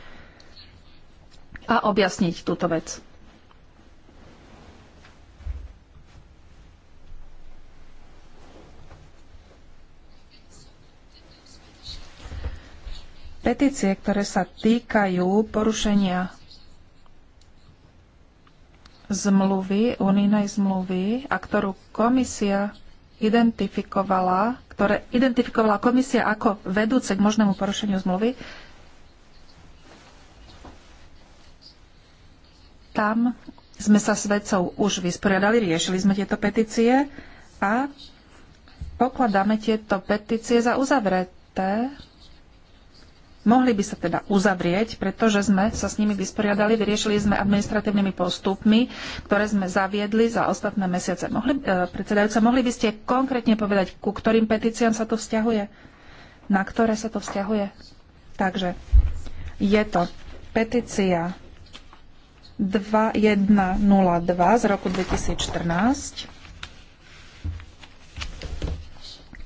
a objasniť túto vec. petície, ktoré sa týkajú porušenia zmluvy, unijnej zmluvy, a ktorú komisia identifikovala, ktoré identifikovala komisia ako vedúce k možnému porušeniu zmluvy, tam sme sa s vedcov už vysporiadali, riešili sme tieto petície a pokladáme tieto petície za uzavreté mohli by sa teda uzavrieť, pretože sme sa s nimi vysporiadali, vyriešili sme administratívnymi postupmi, ktoré sme zaviedli za ostatné mesiace. Mohli, e, predsedajúca, mohli by ste konkrétne povedať, ku ktorým petíciám sa to vzťahuje? Na ktoré sa to vzťahuje? Takže je to petícia 2102 z roku 2014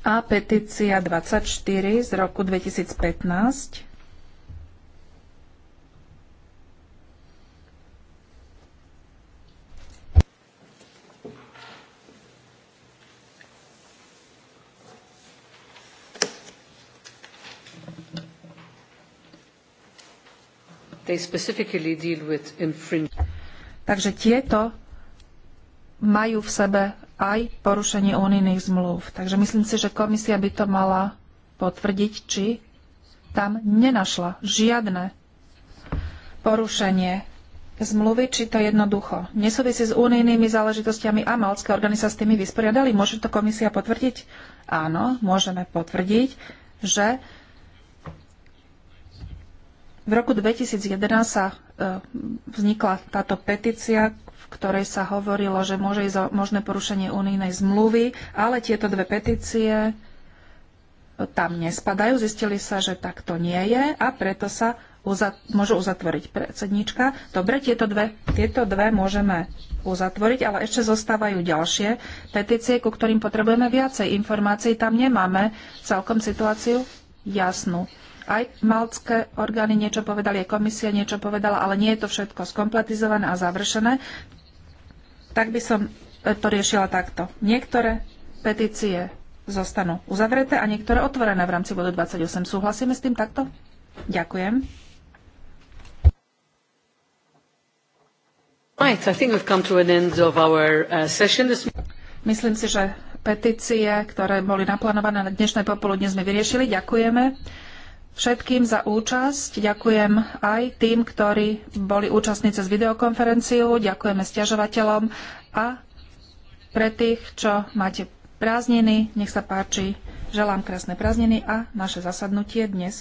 a petícia 24 z roku 2015 They specifically deal with Takže tieto majú v sebe aj porušenie unijných zmluv. Takže myslím si, že komisia by to mala potvrdiť, či tam nenašla žiadne porušenie zmluvy, či to jednoducho nesúvisí s unijnými záležitostiami a malské orgány sa s tými vysporiadali. Môže to komisia potvrdiť? Áno, môžeme potvrdiť, že v roku 2011 sa e, vznikla táto petícia, v ktorej sa hovorilo, že môže ísť o možné porušenie unijnej zmluvy, ale tieto dve petície e, tam nespadajú. Zistili sa, že takto nie je a preto sa uzat- môžu uzatvoriť predsednička. Dobre, tieto dve, tieto dve môžeme uzatvoriť, ale ešte zostávajú ďalšie petície, ku ktorým potrebujeme viacej informácií. Tam nemáme celkom situáciu jasnú. Aj maltské orgány niečo povedali, aj komisia niečo povedala, ale nie je to všetko skompletizované a završené. Tak by som to riešila takto. Niektoré petície zostanú uzavreté a niektoré otvorené v rámci bodu 28. Súhlasíme s tým takto? Ďakujem. Right, I think we've come to an end of our uh, session Myslím si, že petície, ktoré boli naplánované na dnešné popoludne, sme vyriešili. Ďakujeme všetkým za účasť. Ďakujem aj tým, ktorí boli účastní cez videokonferenciu. Ďakujeme stiažovateľom a pre tých, čo máte prázdniny, nech sa páči. Želám krásne prázdniny a naše zasadnutie dnes.